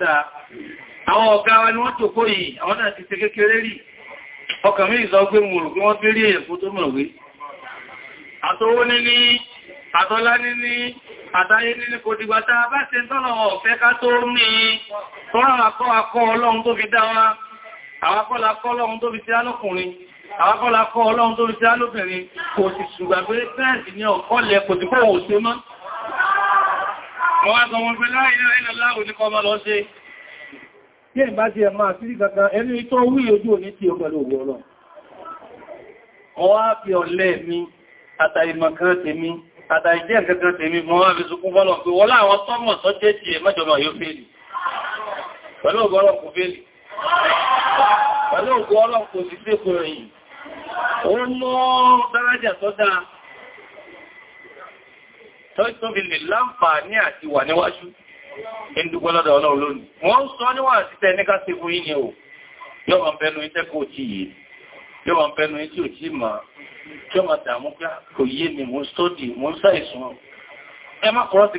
ọkàn mí ìsọ pé mo rò pé wọ́n béèrè èyàn fún tó mọ̀ wé àtọwó níní àtọ́lá níní àtayé níní kò dìgbà tá a bá ṣe tọ́lọ̀ ọ̀fẹ́ ká tó ní tọ́rọ̀ akọ́ akọ́ ọlọ́run tó fi dá wa àwọn akọ́lá kọ́ ọlọ́run tó fi sí alọ́kùnrin àwọn akọ́lá kọ́ ọlọ́run tó fi sí alọ́bìnrin kò sì ṣùgbà pé tí ẹ̀mbá ti ẹ̀ máa sí kankan ẹni tó wí ojú òní tí ó pẹ̀lú òwú ọlọ́ ọwá fi ọ̀lẹ́ mi àtàìmọ̀kan tèmi àtàìjẹ́ kankan tèmi mọ́ wá fi sùkún fọ́lọ̀ pé wọ́n láwọn tọ́mọ̀ sọ́jẹ́ ti ẹ̀ mẹ́jọba yóò fèlì pẹ̀lú ògbọ́ ọlọ́ kò fèlì pẹ̀lú ògbọ́ ọlọ́ kò sí sékò rẹ̀yìn ó mọ́ dárájà sọ́dá tó fi lè láǹfà ní àti wà níwájú ń dúpẹ́ lọ́dọ̀ ọlọ́run lónìí wọ́n sọ níwọ̀n àti tẹ́ o yọ́ ma bẹnu iṣẹ́ kò tí yìí yọ́ ma bẹnu iṣẹ́ ò tí ma kí ọ pé kò yé mi mo sódì mo ń ẹ má kọ́rọ́ ti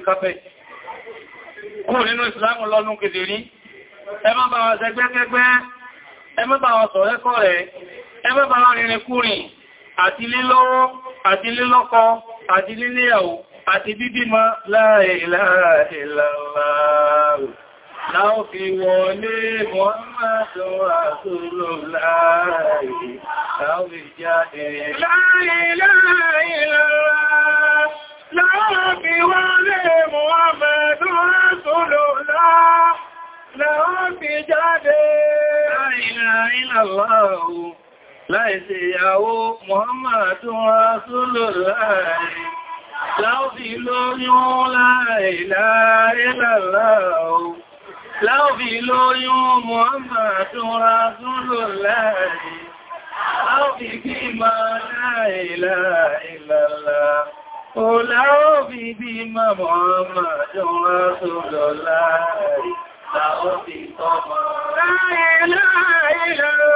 kúrò nínú ìsìláàmù lọ́nù kedere ẹ má bá ẹ má bá rẹ̀ ẹ má bá rìnrìn àti lílọ́wọ́ àti lílọ́kọ àti líléyàwó àti bíbímọ la ilaha illallah láò fi wọlé Muhammadu Rasulullah láò fi jáde la ilaha illallah láò fi wọlé Muhammadu Rasulullah láò fi jáde la ilaha illallah láìsí ìyàwó Muhammadu Rasulullah láòfì lóyún láìlá ìlàlá o láòfì lóyún Muhammadun Rasulullah láòfì bí ma láìlá ìlàlá o láòfì bí ma Muhammadun Rasulullah láòfì tọ́mọ̀ láìlá ìlàlá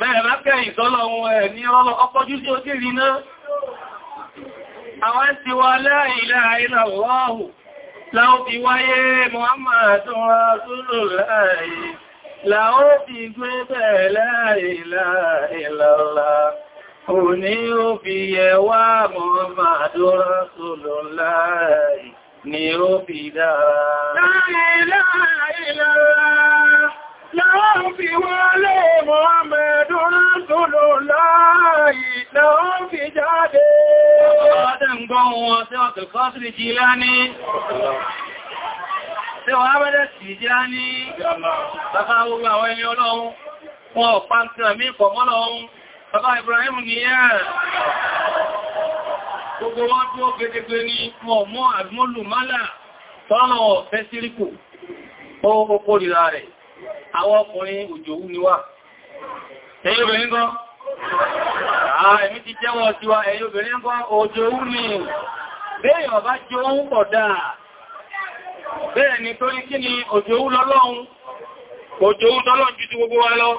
bẹ́ẹ̀ bá kẹ́yìn sọ́lọ ohun ẹ̀ ní ọkọ̀jú tí ó sì rí náà àwọn ti wà láìlá ilá wọ́hù láó fi wáyé Muhammadun Rasulullah láó fi gbé bẹ́ẹ̀ láìlá ìlàlá òní ó fi yẹ ni ó fi dára láìlá ìlàlá láwọn fi wọlé Muhammadu Rasulullahi láwọn fi jáde. Ọdún gbọ́n wọn sí ọ̀tọ̀ kọ́sìrì jí láni. Ṣé wọ́n ábẹ́dẹ̀ sí já ní bàbá gbogbo àwọn ẹni ọlọ́run, wọn ò pa ń tẹ́ mí pọ̀ mọ́lọ́run, bàbá Gbogbo wọn tó gẹ́gẹ́gẹ́ ní wọn mọ́ àgbọ́lù mọ́là tọ́lọ̀ fẹ́ síríkù, ó kó kó rẹ̀ àwọn ọkùnrin òjòwú ni wá ẹ̀yin obìnrin gan ààrẹ ti jẹ́wọ́ sí wa ẹ̀yin obìnrin gan òjòwú ni béèyàn bá jẹ́ ohun pọ̀ dáa bẹ́ẹ̀ ni torí kí ni òjòwú lọ́lọ́run òjòwú tọ́lọ́run ju ti gbogbo wa lọ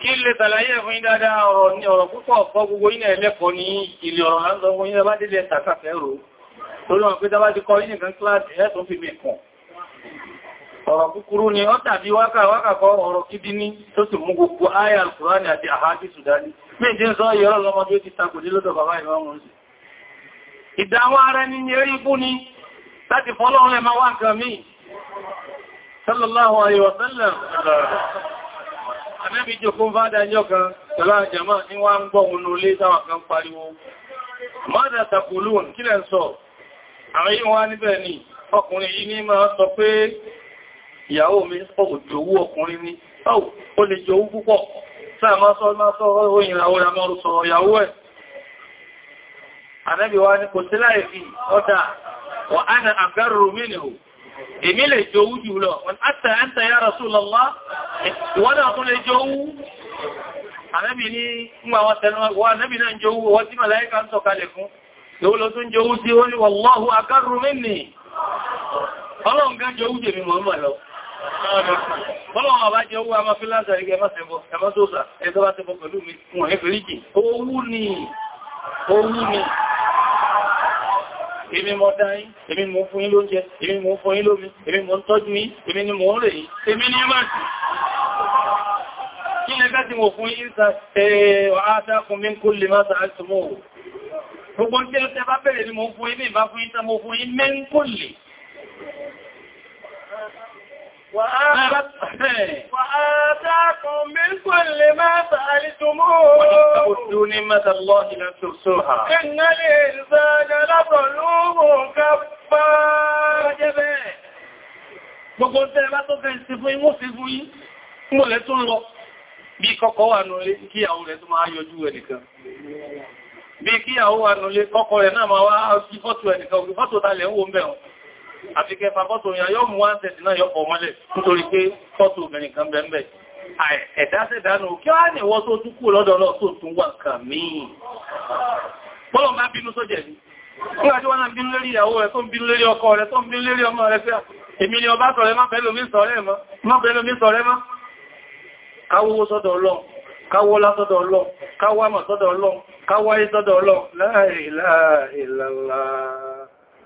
kí lè tàlàyé fún dáadáa ọ̀rọ̀ ní ọ̀rọ̀ púpọ̀ ọ̀pọ̀ gbogbo iná ẹlẹ́kọ̀ọ́ ní ilẹ̀ ọ̀rọ̀ láńsọ fún yín bá délẹ̀ tàkàfẹ́ rò tó lọ́wọ́ pé dábá ti kọ́ yínìkan kíláàsì ẹ̀sùn ọ̀rọ̀ kúkúrú ni ó tàbí wákà wákà kọ ọ̀rọ̀ kíbi ní tó sì mú gbogbo ayà alkùránì àti àhájí sùdání méjì ń sọ yọ́rọ̀ lọ́mọdé ó ti takòdé lọ́dọ̀ bàbá ìwọ̀n ìdáwọn ara ní alaihi wa sallam àmẹ́bí jòkún fádà kan pẹ̀lú àjẹ́mà ní wá ń gbọ́ òun lólé táwọn kan pariwo mọ́dà takulun kílẹ̀ ń sọ àwọn yíwọ́n níbẹ̀ ọkùnrin yìí ní máa sọ pé ìyàwó mi ọkùn tí owó ọkùnrin ní báwò ó lè jẹ owó púpọ̀ sáà máa sọ máa sọ oyin ìràwó ìràmọ́ sọ̀rọ̀ ìyàwó ẹ̀ Ànábì wa ní kò sí láì fi ọ́dá wà ánà àgbárùrù mínú èmi lè jẹ owó wọn àtà àtà ya Rasulullah ìwọ́n náà tún lè jẹ owó Ànábì ní ngbà wọn tẹnu wọn Ànábì náà jẹ owó wọ́n tí màláíkà ń sọ̀kalẹ̀ fún lówó lọ tún jẹ owó sí ó ní wallahu àgbárùrù Ọlọ́run ọba jẹ́ owó àmọ́ fíláńsà ẹgbẹ́ ẹmọ́sẹ̀bọ̀, ẹmọ́sọ́sà, ẹgbẹ́ bá tẹ́bọ̀ pẹ̀lú mi, wọ̀n ẹgbẹ̀ríkì, owú ni, owú ni, èmi mọ̀ dáyí, èmi mọ̀ fún yín lóúnjẹ, èmi mọ̀ fún yín lómi, èmi mọ̀ ń tọ́jú yín, èmi ni mọ̀ ń rè yín, èmi ni máa sì. Kí lẹ́gbẹ́ tí mo fún yín sa ààtàkùn mi kó lè máa sàátùmọ̀ ò. Gbogbo tí ó tẹ bá bẹ̀rẹ̀ ni mo fún yín وآتاكم من كل ما سألتموه نعمة الله لن تحصوها إن الإنسان لظلوم كفار Gbogbo tẹ́ bá tó fẹ́ sí fún imú sí fún yí, mú lẹ tó ń lọ, bí kọ́kọ́ wà nulé kí àwọn rẹ̀ tó máa yọjú kọ́kọ́ rẹ̀ náà máa wá sí fọ́tò ẹnìkan, fọ́tò ta lẹ̀ ń wo mẹ́rùn àfi kẹfà fọ́tò ìyàn yóò mú wọ́n tẹ̀sì náà yọ́pọ̀ mọ́lẹ̀ nítorí pé fọ́tò obìnrin kan bẹ̀m̀bẹ̀ ẹ̀dásẹ̀dánù kí wá ní ìwọ́ tó tún kú lọ́dọ̀ náà tó tún wà nǹkan míì bọ́lọ̀ má bínú sójẹ̀ ní nígbàtí wọ́n náà bínú lérí ìyàwó rẹ̀ tó ń bínú lérí ọkọ rẹ̀ tó ń bínú lérí ọmọ rẹ̀ fẹ́ èmi ni ọba sọ̀rẹ́ má bẹ́lómi sọ̀rẹ́ má káwówó sọ́dọ̀ ọlọ́run káwọ́lá sọ́dọ̀ la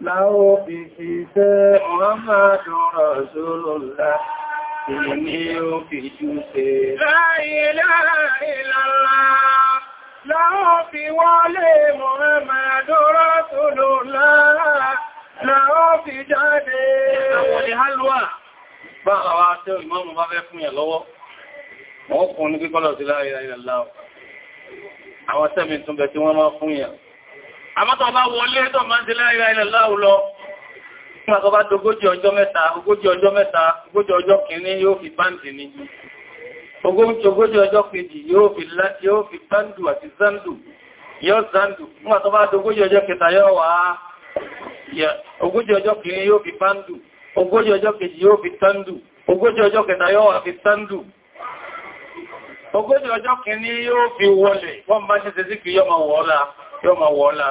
láwọ́ fi ṣiṣẹ́ Muhammadu Rasulullah ni ó fi ṣúṣe. La ilaha illallah láwọ́ fi wọlé Muhammadu Rasulullah láwọ́ fi jáde. Àwọn ni halwa bá àwọn aṣẹ́ ìmọ́mù bá fẹ́ fún yẹ lọ́wọ́. Wọ́n kún ní kíkọ́lọ̀ sí la ilaha àmọ́tọ̀ bá wọlé tó máa ń ti láìra ilẹ̀ láúlọ nígbàtọ̀bá tó ogójì ọjọ́ mẹ́ta ogójì ọjọ́ mẹ́ta ogójì ọjọ́ kìíní yóò fi báǹdì ní ogójì ọjọ́ kejì yóò fi báǹdù àti zandu yóò zandu nígbàtọ̀bá tó ogójì ọjọ́ kẹta yóò wá ogójì ọjọ́ kìíní yóò fi báǹdù ogójì ọjọ́ kejì yóò fi tandu ogójì ọjọ́ kẹta yóò wá fi tandu ogójì ọjọ́ kìíní yóò fi wọlẹ̀ wọ́n bá ṣe tẹ́sí kí yóò máa wọ́ọ́lá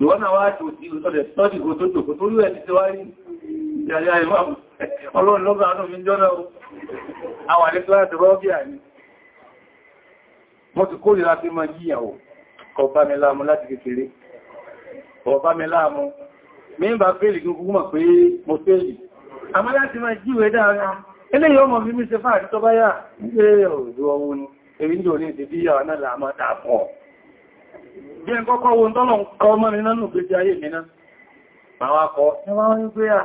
ìwọ́n náà wá tó sí ọ̀sọ̀dẹ̀ sọ́dì kò tó tòkò tó lú ẹni tí wá rí ìyàyà ìwọ̀n ọlọ́run lọ́gbà ánú mi jọ́nà àwọn àdẹ́kọ́ láti rọ́bíà ni mo ti kó ìrà fi máa yíyàwó kọ bá mi láàmú láti kékeré kọ bá mi láàmú mi ń bá fèlì gúgú mọ̀ pé mo fèlì ni èmi ní òní ìdíbíyà náà làá bí ẹn kọ́kọ́ wo tọ́lọ̀ ń mọ́ mi nánú pé ti ayé mi bàwá kọ́ ẹwà wọ́n ń à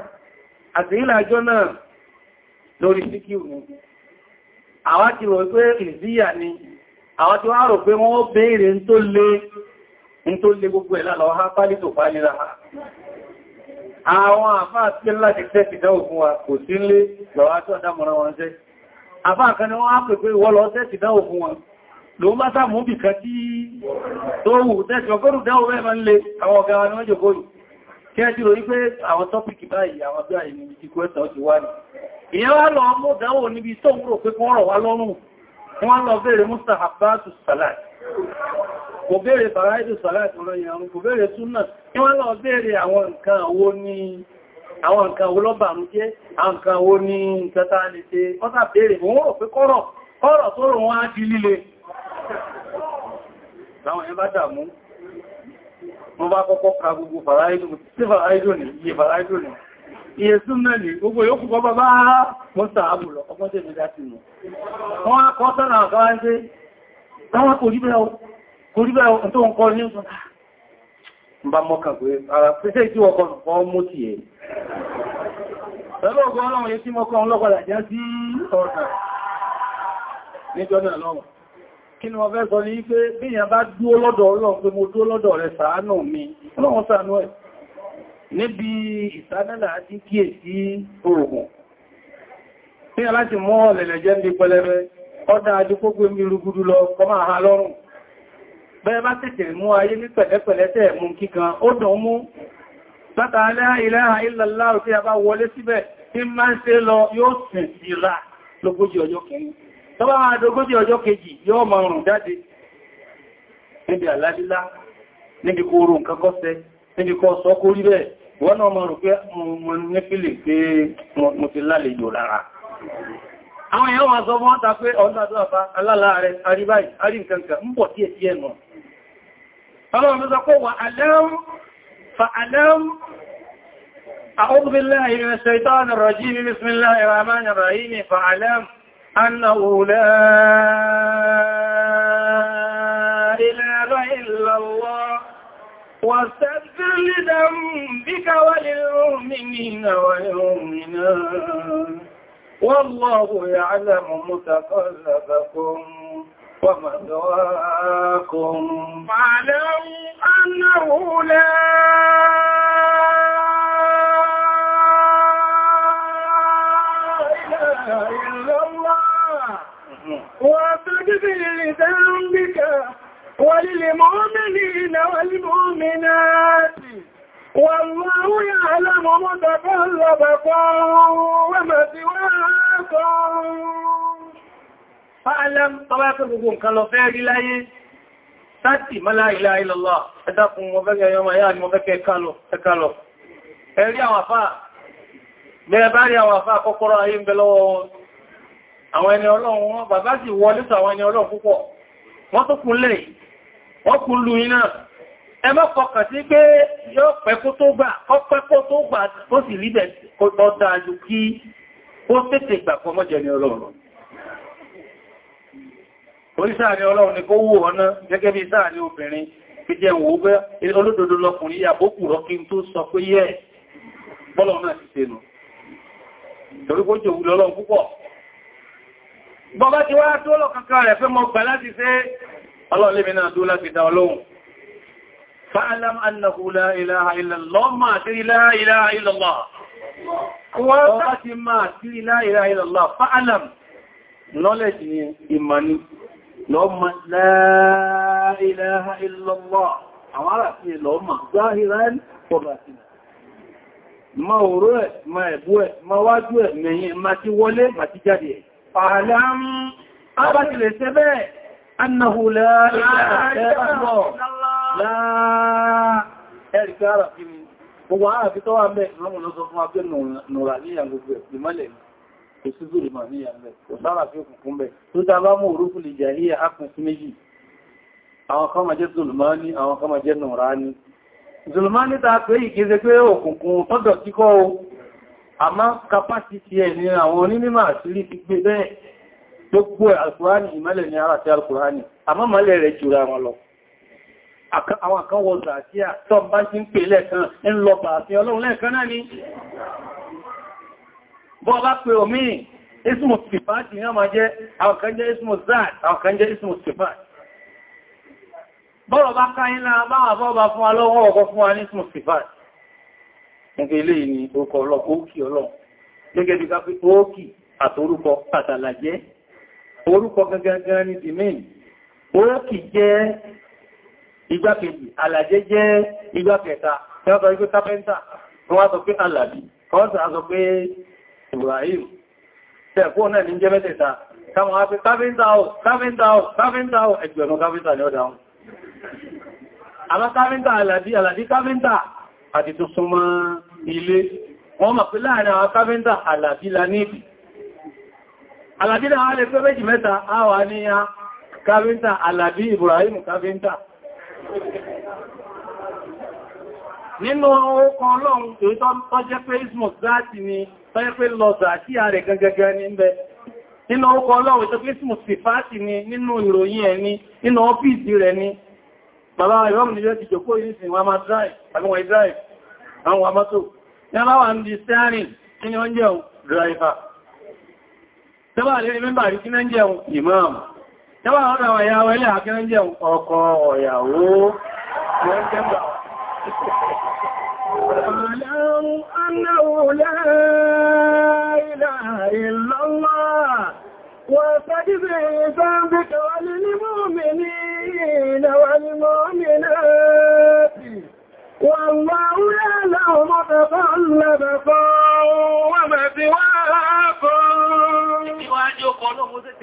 àti ilẹ̀ náà lórí síkíù ni àwa ti rò pé ìzíyà ni ti wá pé wọ́n ń tó lé gbogbo ẹ̀lá lọ ha pálí tó pálí ra àwọn láti tẹ́ wa kò sí lé lọ́wọ́ wọn jẹ́ wọ́n á pé ìwọ́ lọ tẹ́ ló bá sáàmù bí kan tí tó wù tẹ́sì ọgọ́rù dáwọ́ mẹ́fà ń lè àwọn ọ̀gá wa ní wọ́n jòkó yìí kí ẹ ti rò wípé àwọn tọ́pìkì báyìí àwọn bí musta habatu salat kò bèèrè faraidu salat lọ yẹn kò bèèrè súnà kí wọ́n lọ bèèrè àwọn nǹkan wo ní àwọn nǹkan wo lọ́bà ń jẹ́ àwọn nǹkan wo ní nǹkan lè ṣe ọ́sà bèèrè rò pé kọ́rọ̀ tó rò wọ́n á di líle láwọn ẹbá dàmú wọ́n bá kọ́kọ́ ka gbogbo fàráìdù sí fàráìdù ní iye fàráìdù ní iye súnnà ní gbogbo yóò kọ́ bàbá mọ́sà àbùlọ ọkọ́ tẹ́ nígbà sí mú wọ́n á kọ́ sọ́nà àkọ́wá ń pé láwọn kò rí bẹ́ẹ̀ ohun tó ń kọ́ ní ọ̀sán ah. bá mọ́kà pé ara pẹ́sẹ́ tí wọ́n kọ́ nǹkan mú ti ẹ̀ lọ́lọ́gbọ́n ọlọ́run yẹ tí mọ́kàn lọ́pàá kí ni wọ́n fẹ́ sọ ní pé bí ìyàn bá dúó lọ́dọ̀ ọlọ́run pé mo dúó lọ́dọ̀ rẹ̀ ṣàánú mi ọlọ́run ṣàánú ẹ̀ níbi ìsádẹ́là àti kíè sí oògùn tí a láti mọ́ ọ̀lẹ̀lẹ̀ jẹ́ ní pẹlẹbẹ ọdá adúgbógbé mi rúgudu lọ kọ máa ha lọ́rùn bẹ́ẹ̀ bá tètè mú ayé ní pẹ̀lẹ́pẹ̀lẹ́ tẹ̀ mú kíkan ó dùn mú látàálẹ́ ilaha illallah tí a tọ́bá máa dogójì ọjọ́ kejì yóò máa rùn jáde níbi àládílá níbi kó oòrùn nǹkan kọ́sẹ̀ níbi kọ́ sọ kó rí bẹ́ẹ̀ wọ́n náà máa rò pé mo ní fílì pé mo ti lálejò lára أعوذ بالله من الشيطان الرجيم بسم الله الرحمن الرحيم فعلم أنه لا إله إلا الله واستغفر لذنبك وللمؤمنين والمؤمنات والله يعلم متقلبكم ومثواكم فاعلموا أنه لا إله إلا واستغفر لذنبك وللمؤمنين والمؤمنات والله يعلم متقلبكم ومثواكم فأعلم طبعكم كانوا فيه لايه Tàtì mọ́lá ilá ilọ̀lọ́, ẹ̀dàkùn mo fẹ́ ẹ̀yọ́ màá yáà ni mo fẹ́ kẹ́ ẹ̀kálọ̀. Ẹ̀rí àwọn àfáà, bẹ̀rẹ̀ bá rí àwọn àfáà kọ́kọ́rọ́ ayé ń bẹ lọ́wọ́ wọn àwọn ẹni ọlọ́run wọn bàbá sì wọlé sọ àwọn ẹni ọlọ́run púpọ̀ wọ́n tó kúnlẹ̀ wọ́n kún lu iná ẹ má fọkàn sí pé yóò pẹ́kó tó gbà ọpẹ́kó tó gbà tó sì líbẹ̀ kọ́ dájú kí ó tètè gbà fọmọ́jẹ ni ọlọ́run oríṣà ni ọlọ́run ni bọ́bá ti wá tó lọ kankan rẹ̀ fẹ́ mọ́ gbà láti fẹ́ ọlọ́lẹ́mìnà tó láti dá ọlọ́run fa'alam annahu la ilaha illallah ma ti la ilaha illallah ọba ti ma ti la ilaha illallah fa'alam knowledge ni imani lọ́mọ la ilaha illallah àwọn ará fi lọ́mọ zahiran ọbatina ma òró ẹ̀ ma ẹ̀bú ẹ̀ ma wájú ẹ̀ mẹ́yìn ma ti wọlé ma ti jáde ẹ̀ Fàálàm, a bá ti lè ṣe bẹ́ẹ̀, annahu la ilaha illallah, la ẹ̀rìká ara fi mi. Gbogbo ara fi tọ́wà mẹ́ lọ́mù ló sọ fún wa pé nùrà ní ìyàn gbogbo ẹ̀ ìmọ́lẹ̀ kò sí zúrì àmá kapásítì ẹ̀ ní àwọn onímọ̀ àṣírí ti gbé bẹ́ẹ̀ gbogbo alkùránì ìmọ́lẹ̀ ní ara ti alkùránì àmá mọ́lẹ̀ rẹ̀ jùra wọn lọ àwọn kan wọ zàtíà tó bá ti ń pè lẹ́ẹ̀kan ń lọ bà àti ọlọ́run lẹ́ẹ̀kan náà ni bọ́ bá pè omi ismu sifati ní ọmọ jẹ́ àwọn kan jẹ́ ismu zat àwọn kan jẹ́ ismu sifati bọ́rọ̀ bá káyínlá báwọn àbọ́ bá fún wa lọ́wọ́ ọkọ̀ Nígbé ilé ìní orúkọ ọlọ́pọ̀ ókì ọlọ́run. Gẹ́gẹ́ bí káfí ókì àtorúkọ àtàlàjẹ́. Orúkọ gangan ní Dìmín. Ókì jẹ́ igbákejì, àlàjẹ́ jẹ́ igbákẹta. Wọ́n sọ pé kápẹ́ntà, wọ́n sọ pé àlàbí, wọ́n sọ pé Ibrahim. Tẹ̀kọ́ náà ní jẹ́ mẹ́tẹ̀ta. Káwọn á fi káfíńtà ọ̀, káfíńtà ọ̀, káfíńtà ọ̀, ẹgbẹ̀rún káfíńtà ni ó dáhùn. Àbá káfíńtà àlàbí, àlàbí káfíńtà àti tó súnmọ́ ilé wọ́n mọ̀ pé láàrin àwọn káfẹ́ntà àlàbílà níbi àlàbílà wọ́n lè pẹ́ méjì mẹ́ta àwà ní a káfẹ́ntà àlàbí Ibrahim káfẹ́ntà nínú ọkọ̀ ọlọ́run tó tọ́ jẹ́ pé ismos láti ni tọ́ jẹ́ pé lọ́zà àti ààrẹ gangaga ní ń bẹ nínú ọkọ̀ ọlọ́run tó pé ismos sì fáàtì ni nínú ìròyìn ẹni nínú ọ́fíìsì rẹ̀ ni bàbá ìwọ́n ni yóò ti jòkó ìrìnsìn wọn máa drive àwọn ìdrive àwọn àmọ́tò ní a bá wà ń di steering kí ni ó ń jẹun driver tẹ́bà lè mẹ́bà rí kí ní jẹun imam tẹ́bà ọ̀dọ̀ àwọn ìyàwó ilẹ̀ àkí ní jẹun ọkọ ọ̀yàwó Ọlọ́run, annáwó la ilaha illallah واستجبه ذنبك وللمؤمنين والمؤمنات والله يعلم متطلبكم ومثواكم Ìwájú ọkọ̀ ọlọ́run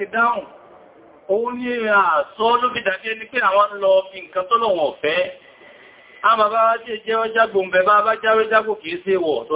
A bá wá tí jẹ́ ọjágbò ń bá bá jáwé jágbò kìí wọ̀ tó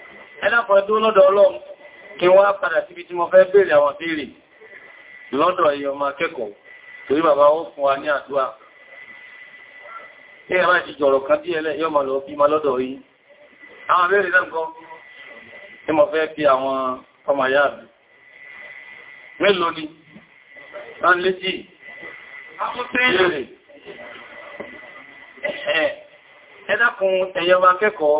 ẹ̀dàpọ̀ ẹ̀dún lọ́dọ̀ ọlọ́run kí wọ́n á padà síbi tí mo fẹ́ béèrè àwọn béèrè lọ́dọ̀ ẹ̀yọ ọmọ akẹ́kọ̀ọ́ torí bàbá ó fún wa ní àdúrà ní ẹ̀má ti jọ̀rọ̀ kan bí ẹlẹ́ yọ́ màá lọ bí ma lọ́dọ̀ yìí àwọn béèrè ẹ̀dàkùn ẹ̀yọ ọmọ akẹ́kọ̀ọ́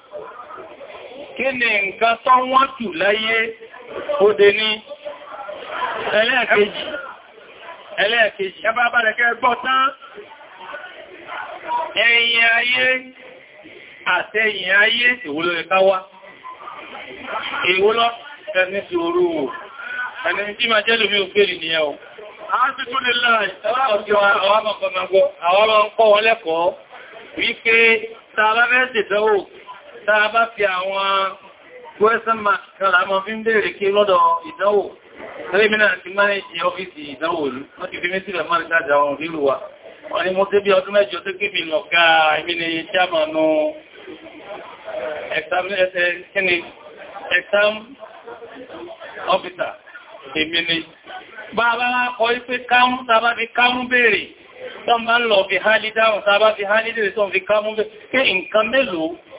kí ni nǹkan tó wọ́n jù láyé òde ní ẹlẹ́ẹ̀kejì ẹlẹ́ẹ̀kejì ẹbá bàrẹ̀kẹ́ gbọ́ tán ẹ̀yìn ayé àtẹ̀yìn ayé ìwòlò ìkáwá ìwòlò ẹni sí orú wò ẹni tí ma jẹ́ lómi òfèrè ní ẹ̀wọ̀ Àwọn ọmọ ọmọ ọgbọ́, àwọn ọmọ ọkọ̀ wọn lẹ́kọ̀ọ́ wípé tààrà mẹ́sì dánwò tá a bá fi àwọn question mark kan àmọ́ fi ń bèèrè kí lọ́dọ̀ ìdánwò tẹ́lẹ̀mínà ti mánéjì ọ́fíìsì ìdánwò lú wọ́n ti fi mí sílẹ̀ máa ìtajà ọ̀rùn lílù wa wọ́n ni mo tẹ́ bí ọdún mẹ́jọ tó kébì lọ̀ká ìmìnì chairmanu eh, eh, exam officer ìmìnì bá bá kọ́ ipé kámú tàbá fi kámú bèèrè tọ́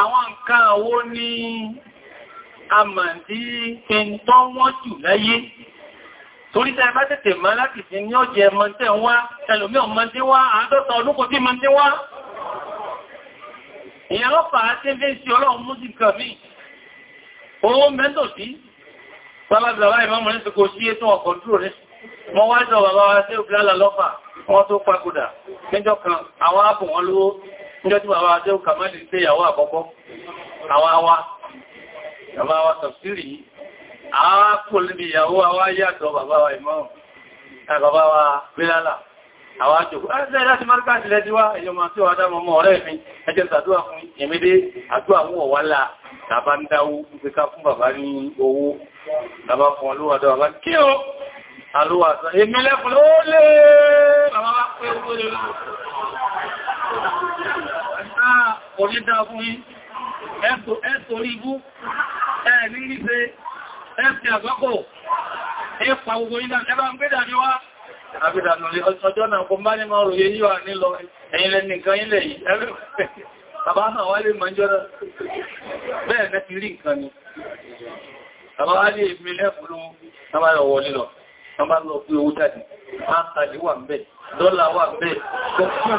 àwọn nǹkan wo ni a mà ní ẹntọ́ wọ́n jù láyé torí tẹ́ bá tètè mọ́ láti fi ní ọjẹ́ mọ́ntẹ́ wá ẹlòmí ọmọdé wá àádọ́ta ọdún kò tí mọ́ntẹ́ wá ìyẹn ọpàá tí ń fi ń sí ọlọ́run mú sí nǹkan míì owó mẹ́tò sí Bábábàbá ìmọ́mọ̀ ní ṣùkò sí ètò ọkọ̀ dúró ní wọ́n wá jọ bàbá wa tí níjọ́ tí bàbá adé òkà má lè pé ìyàwó àkọ́kọ́ àwọn awa bàbá wa tọ̀sírì àwa kò níbi ìyàwó àwa yàtọ̀ bàbá wa ìmọ̀ bàbá wa bílálà àwọn àjòkó ẹgbẹ́ láti márùkà sílẹ̀ tí wá ìyọmọ̀ tí wà dámọ̀ mọ́ ọ̀rẹ́ mi ẹjẹ́ tàdúwà fún ìmìdé àdúwà mú ọ̀wálà tàbá ń dáwó pípẹ́ká fún bàbá ní owó tàbá fún olúwàdọ́ bàbá kí o alúwà èmi lẹ́kùn ló bàbá wá pé owó lè onídá fún yí ẹ́sọ̀rí ibú ẹ̀ẹ̀ní nípe ẹ̀sì àgbákò ẹ̀pà gbogbo yínà ẹbá ń gbédà ní wá àgbédànà ọjọ́ náà kò bá ní máa ròyé yíwa nílọ ẹ̀yìn lẹ́ni nǹkan ilẹ̀ yìí bàbá náà wá lè máa jọ́rọ̀ bẹ́ẹ̀ ni bàbá wá lè mi lẹ́fù ló wọ́n bá lọ wọlé lọ wọ́n bá lọ pé owó jáde máa ń tàbí wà ń dọ́là wà ń bẹ̀ kò fún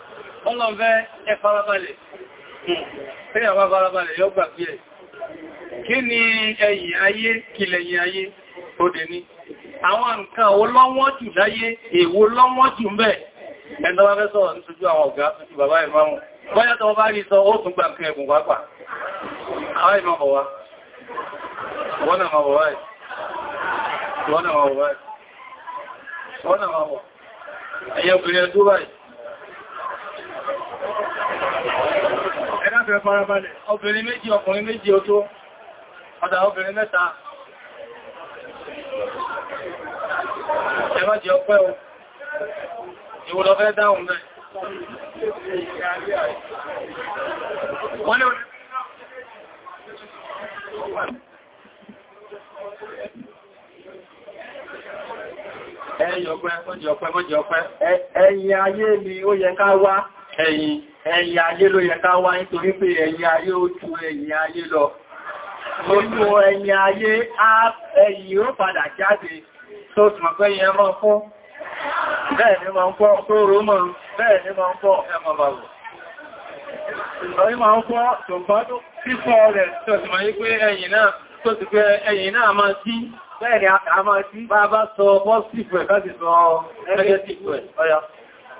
ọlọ́fẹ́ ẹ farabalẹ̀ ẹ̀yà bá farabalẹ̀ yọ gbà bí ẹ̀ kí ni ẹ̀yìn ayé kìlẹ̀yìn ayé òdè ni àwọn nǹkan wo lọ́wọ́ jù láyé èwo lọ́wọ́ jù ń bẹ̀ ẹ̀ndọ́ bá fẹ́ sọ̀rọ̀ nítorí àwọn ọ̀gá tuntun bàbá ìmámù bọ́yá tọwọ́ bá rí sọ ó tún gbà nǹkan ẹ̀bùn pápá àwọn ìmọ̀ bọ̀ wá wọ́n náà mọ̀ bọ̀ wáyìí obìnrin ẹ̀dú báyìí fẹ́ farabalẹ̀ obìnrin méjì ọkùnrin méjì ó tó obìnrin mẹ́ta ẹ̀má ọpẹ́ o ìwò lọ fẹ́ dáhùn mẹ́ ní Ẹ̀yìn ọpẹ́. Ẹ̀yìn ayé mi ẹ̀yìn ẹ̀yìn ayé ló yẹ ká wá nítorí pé ẹ̀yìn ayé ó ju ẹ̀yìn ayé lọ ojú ẹ̀yìn ayé ẹ̀yìn ó padà jáde tó túnmọ̀ pé yẹn mọ́ fún ma ń fọ́ tóòrò mọ́ ma máa tí a máa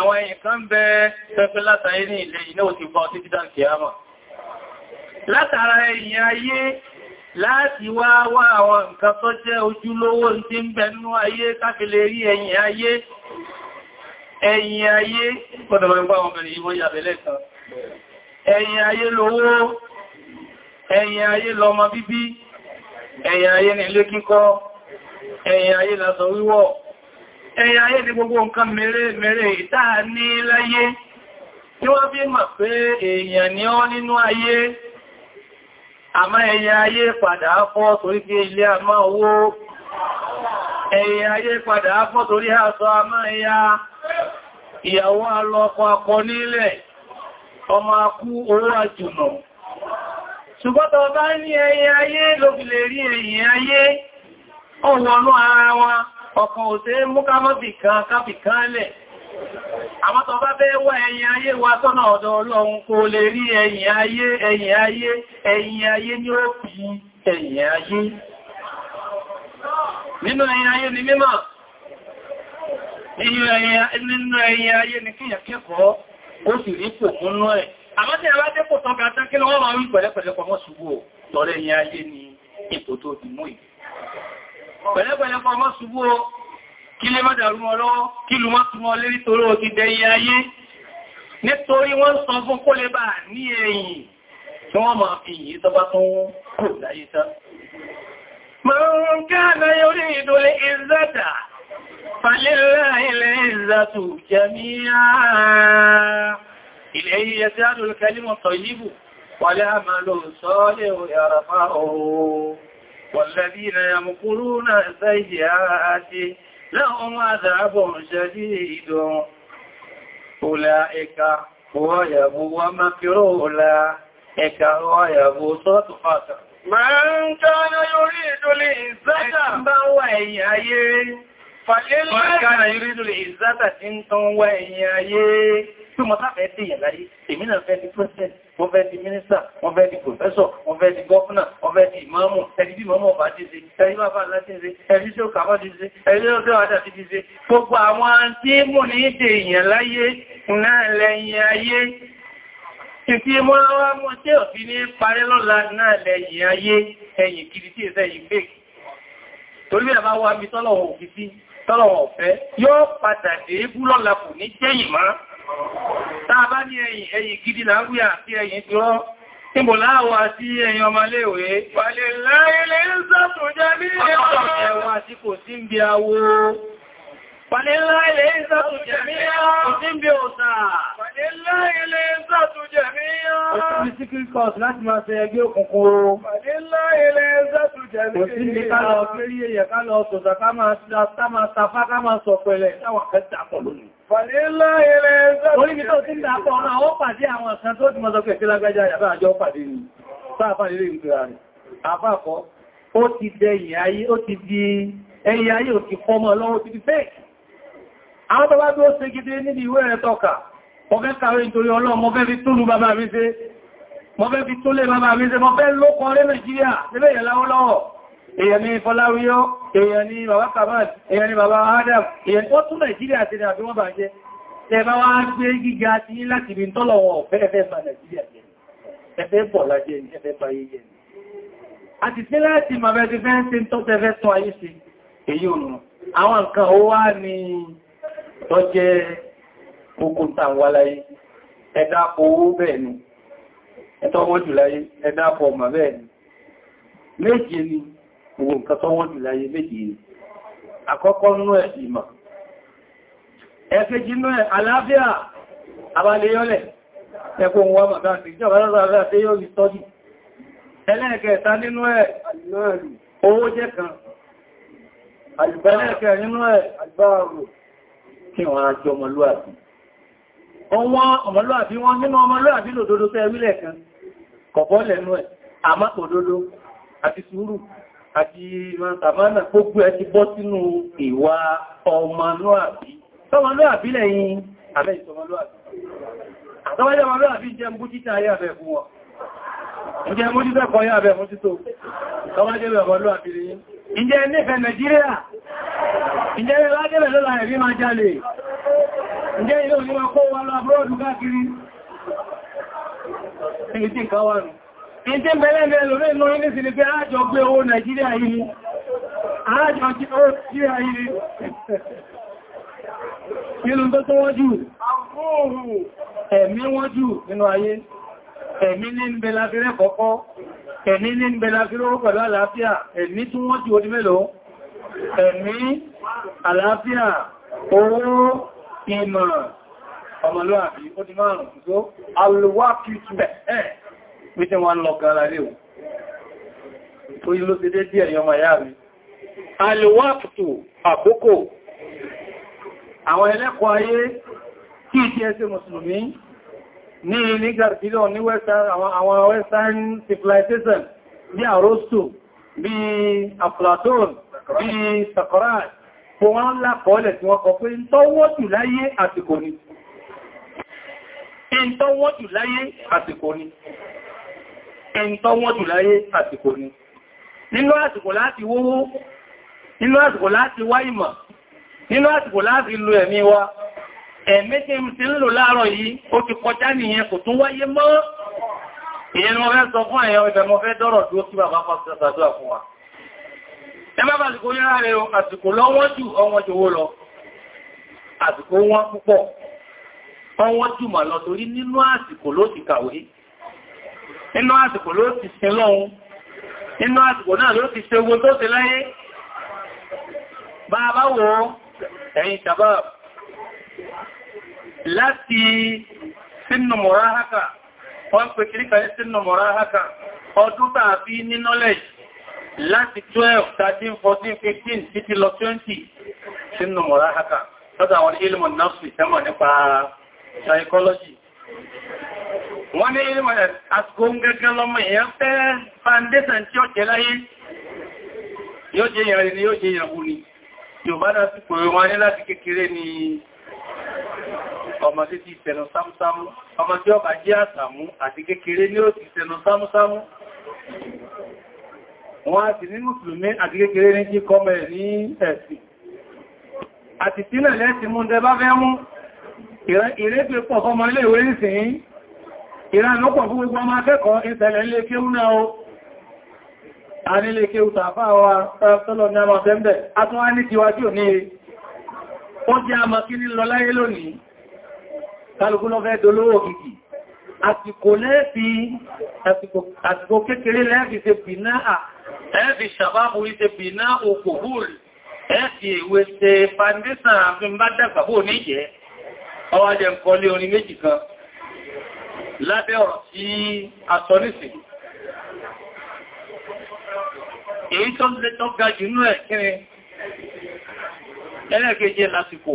àwọn ẹ̀yìn kan bẹ pẹpẹ látàrí ní ilẹ̀ iná ò ti bọ́ títí dáǹkì àmọ̀ látara ẹ̀yìn ayé láti wá wá àwọn nǹkan tó jẹ́ ojúlówó tí ń bẹ nínú ayé káfílẹ̀ rí ẹ̀yìn ayé ẹ̀yìn ayé gbọ́dọ̀ mọ́ ìgbà wọn bẹ̀rẹ̀ ìwọ́ yàbẹ̀lẹ̀ kan ẹ̀yìn ayé lówó ẹ̀yìn ayé lọ́mọ bíbí ẹ̀yìn ayé nílé kíkọ́ ẹ̀yìn ayé lásọ wíwọ̀ ẹ̀yà ayé ni gbogbo nǹkan mèrè ìtàà ní láyé tí wọ́n bí mọ̀ pé èèyàn ni ọ́ nínú ayé àmá ẹ̀yà ayé padà fọ́ torí pé ilé àmá owó ẹ̀yà ayé padà fọ́ torí àṣọ àmá ẹ̀yà ìyàwó alọ́kọ akọ nílẹ̀ ọmọ akú owó ṣùgbọ́tọ̀ bá ní ẹ̀yà ayé lóbi lè rí ayé ọ̀wọ̀nú ara wa. ọkàn ò sí mú ká mọ́ bì kan kábì kan lẹ̀ àmọ́ tó bá bẹ́ wá ẹ̀yìn ayé wa sọ́nà ọ̀dọ̀ Ọlọ́run kó lè rí ẹ̀yìn ayé ẹ̀yìn ayé ẹ̀yìn ayé ní ó fi ẹ̀yìn ayé nínú ẹ̀yìn ayé ni mímọ̀ nínú ẹ̀yìn ayé ni kíyàn kẹ́kọ̀ọ́ ó sì rí pò múnú ẹ̀ àmọ́ tí a bá dépò tán ga tán kí lọ́wọ́ máa ń ni ipò tó pẹ̀lẹ́pẹ̀lẹ́ fọ́ mọ́ ṣubú o kí lè má dàrú wọn lọ́wọ́ kí lù má túnmọ́ lérí toró ti dẹ̀yẹ ayé nítorí wọ́n sọ fún kó lè bá ní ẹ̀yìn tí wọ́n máa fi yìí tọba tó kò láyé tán mọ̀rún káàkà yorí ìdólé ìzẹ́ta fàlélà ilẹ̀ ìzẹ́tù jẹmíyà والذين يمقرون السيئات لهم عذاب شديد أولئك هو يبو ومكر أولئك هو يبو صدقة من كان يريد الإنسان بوي أيه فإن كان يريد الإنسان تنتوي أيه pé mo sáfẹ́ dé yẹ̀ láyé èmi náà fẹ́ di president mo fẹ́ di minister mo fẹ́ di professor mo fẹ́ di governor mo fẹ́ di imamu ẹni bí mọ́mọ́ bá dìde ẹni bá bá láti ṣe ẹni tí ó kà bá dìde ẹni tí ó kà bá dìde gbogbo àwọn tí mò ní dè èèyàn láyé náà lẹ́yìn ayé Ìfí mọ́ wá mọ́ tí ò fi ní parí lọ́la náà lẹ́yìn ayé ẹ̀yìn kiri tí ìfẹ́ yìí fèk. Torí bí àbá wá mi tọ́lọ̀wọ̀ òfin sí, tọ́lọ̀wọ̀ ọ̀fẹ́, yóò padà dé bú lọ́la kò ní jẹ́yìn máa. Tàbá ní ẹ̀yìn ẹ̀yìn gidi láwúyà sí ẹ̀yìn tí ó níbò láàwọ̀ àti ẹ̀yìn ọmọléèwé. Wàlè láìlẹ́ Fàlélá ilé ìsàtù jẹ̀míyà. Òsín bí òsà. Fàlélá ilé ìsàtù jẹ̀míyà. Òsín bí síkírí kọ́ọ̀sì láti máa ṣe ẹgbẹ́ òkùnkùn. Fàlélá ilé ìsàtù jẹ̀míyà. Òsín bí ká lọ kéré èyẹ ká lọ sọ̀sà ká máa sàfá ká máa sọ pẹ̀lẹ̀ táwà fẹ́ dàpọ̀ lónìí. Fàlélá mi tó ti ń dàpọ̀ ni. Sáàfà ilé ìgbèrà rẹ̀. Àbákọ́, ó ti dẹ̀yìn ayé, ó ti di ẹyẹ ayé ò ti fọ́mọ lọ́wọ́ àwọn tó bá tó ṣe gidi níbi ìwé rẹ̀ tọ́ka mo fẹ́ kàwé nítorí ọlọ́run mo fẹ́ fi túlù bàbá mi ṣe mo fẹ́ fi túlé bàbá mi ṣe mo fẹ́ lókọ rẹ̀ nàìjíríà níbẹ̀ yẹ̀ láwọ́lọ́wọ́ èèyàn ni fọláwíyọ́ èèyàn ni bàbá kamal èèyàn ni bàbá adam èèyàn tó tún nàìjíríà ti ní àbí wọ́n bà jẹ́ ẹ̀bá wá gbé gíga ti ní láti bí tọ́lọ̀wọ̀ fẹ́ẹ̀fẹ́ bà nàìjíríà jẹ́ ẹ̀fẹ́ bọ̀ lájẹ́ ẹ̀fẹ́ bà yé jẹ́ àti sí láti màbẹ́ ti fẹ́ ń tọ́tẹ́fẹ́ tọ́ ayé sí èyí òun tó jẹ́ kókó tàwà láyé ẹ̀dàpọ̀ owó bẹ́ẹ̀ ẹ̀tọ́ wọ́n jù láyé ẹ̀dàpọ̀ ọmọ bẹ́ẹ̀ ni ni owó nǹkan tó wọ́n jù láyé méje ni àkọ́kọ́ nú ẹ̀ ìmọ̀ ẹ̀kẹ́jì nú ẹ̀ àlàáfíà abalẹ́yọ́lẹ̀ ẹkùn nínú ẹ̀ owó jẹ́ kí wọ́n á jọ ọmọlúàbí ọwọ́n ọmọlúàbí wọ́n nínú ọmọlúàbí lòdodo tẹ́ wílẹ̀ kan kọ̀kọ́ lẹ́nu ẹ̀ àmá òdodo àti sùúrù àti ìmọ̀tàmánà gbogbo ẹ ti bọ́ sínú ìwà ọmọlúàbí tọ́mọlúàbí lẹ́yìn abẹ́ ìtọmọlúàbí àtọ́wọ́jẹ́ ọmọlúàbí jẹ́ mbú títà ayé abẹ́ fún wọn Ǹjẹ́ mú títẹ́ kọ́ yá abẹ́ mú títò, tọ́wọ́jẹ́ ọmọlúàbí lẹ́yìn. Ǹjẹ́ nífẹ̀ẹ́ Ǹjẹ́ ìrẹ́lá débẹ̀ lọ́la ẹ̀rí máa jalè? Ǹjẹ́ ilé òní máa kó wa lọ abúrọ́dù káàkiri? Èyí tí ká wà nù. Ǹjẹ́ bẹ̀rẹ̀ ní ẹlòmí inú ní sí ni pé àjọ gbé owó Nàìjíríà yìí ni. Àjọ kí ó sí ayé ni. Nínú tó tó wọ́n jù, ẹ̀mí wọ́n jù nínú ayé. Ẹ̀mí ní ń bẹ láfẹ́rẹ́ kọ́kọ́, ẹ̀mí ní ń bẹ láfẹ́rẹ́ pẹ̀lú àlàáfíà, ẹ̀mí tún wọ́n jù ẹ̀mí àlàáfíà owó ìmọ̀ ọmọlúwàbí ó di márùn-ún tó alùwákí túbẹ̀ ẹ̀ wíṣẹ́ wọn lọ gara rí o tó yí ló ti dé díẹ̀ yọmọ ìyá mi alùwákìtù àkókò àwọn ẹlẹ́kọ̀ọ́ ayé tí ìtí ẹsẹ́ mùsùlùmí ní illegal sílọ̀ ní àwọn western civilization bí àrósù bí aflatone bí sàkọ́rá tó wọ́n ń lákọọ́lẹ̀ tí wọ́n kọ pé ìtọ́wọ́ jù láyé àsìkò ni ìtọ́wọ́ jù láyé àsìkò ni ìtọ́wọ́ jù láyé àsìkò ni nínú àsìkò láti wówó nínú àsìkò láti wá ìmọ̀ nínú àsìkò láti lo ẹ̀mí wa ẹ̀mí tí ń ti ń lò láàárọ̀ yìí ó ti kọjá nìyẹn kò tún wáyé mọ́ ìyẹn ni sọ fún àyẹ̀wò ìbẹ̀mọ́fẹ́ dọ́rọ̀ dúó kí bàbá pàtàkì àdúrà fún ẹbá bá àsìkò yára rẹ̀ àsìkò lọ́wọ́ jù ọwọ́n jòwó lọ àsìkò wọn púpọ̀ ọwọ́n jù mà lọ torí nínú àsìkò ló ti kàwé nínú àsìkò ló ti sin lọ́hun nínú àsìkò náà ló ti ṣe ogun tó ti láyé bá bá wo ẹ̀yìn tàbá láti sínú mọ̀rá hákà wọ́n pẹ̀kìríkà sínú mọ̀rá hákà ọdún tàà fi ní knowledge láti 12, 13, 14, 15 títí lọ 20 sínú mọ̀rá haka lọ́dọ̀ àwọn ilmọ̀ nọ́ọ̀sì tẹ́mọ̀ nípa psychology. Wọ́n ní ilmọ̀ àsìkò ń gẹ́gẹ́ lọ́mọ èèyàn fẹ́ foundation tí ó jẹ́ láyé yóò jẹ́ èèyàn rí ni yóò jẹ́ èèyàn wù ni. Yorùbá dá sí pé wọ́n láti kékeré ni ọmọ tí ti tẹnu sámúsámú, ọmọ tí ọba jẹ́ àsàmú àti kékeré ni ó ti tẹnu wọ́n á sì ní mùsùlùmí àti kékeré ní kíkọ́ mẹ́ ní ẹ̀sìn àti sílẹ̀ lẹ́sì mú ǹdẹ bá fẹ́ mú ìrẹ́gbẹ̀ pọ̀ fọ́mọ ilé ìwé nìsìn ìrànlọ́pọ̀ fún gbogbo ọmọ akẹ́kọ̀ọ́ ìṣẹ̀lẹ̀ ilé kéhù náà o wa tọ́lọ ní àmà bẹ́m̀bẹ̀ a tún wá ní tiwa tí ò ní e. ó jẹ́ àmà kí ní lọ láyé àsìkò kékeré lẹ́ẹ̀fì ṣe bìnáà ẹ́fì ṣàbábù ìṣe fi náà okò bóòlù ẹ́fì ìwé ṣe fàndísàn àfin bá dàgbà bóò ní ìjẹ́ ọwá jẹ kọlé orin méjì kan lábẹ́ ọ̀rọ̀ tí a sọ nìsì èyí tó lè tó ga jù nú ẹ̀ kíni ẹlẹ́gẹ́jẹ́ lásìkò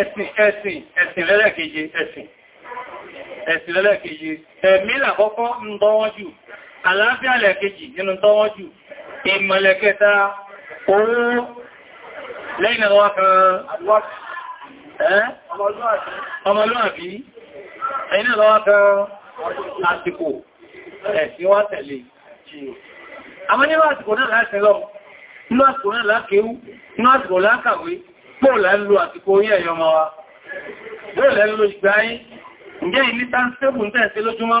ẹ̀sìn ẹ̀sìn ẹ̀sìn lẹ́lẹ́gẹ́jẹ́ ẹ̀sìn ẹ̀sìn lẹ́lẹ́gẹ́jẹ́ ẹ̀mí làkọ́kọ́ ń bọ́ wọ́n jù àlàáfíà lẹ́ẹ̀kejì nínú tọ́wọ́ jù ìmọ̀lẹ̀kẹta owó lẹ́yìn àwọn kan ọmọlúwàbí ẹ̀yìn àwọn kan àsìkò ẹ̀sìn wá tẹ̀lé àmọ́ nínú àsìkò náà láti lọ inú àsìkò náà lákéwú inú àsìkò lákàwé pọ́ọ̀lá ń lo àsìkò orí ẹ̀yọ ọmọ wa bóòlẹ́ ń lo ìgbáyé ǹjẹ́ ìlítà ń sẹ́bùn tẹ́ẹ̀sẹ́ lójúmọ́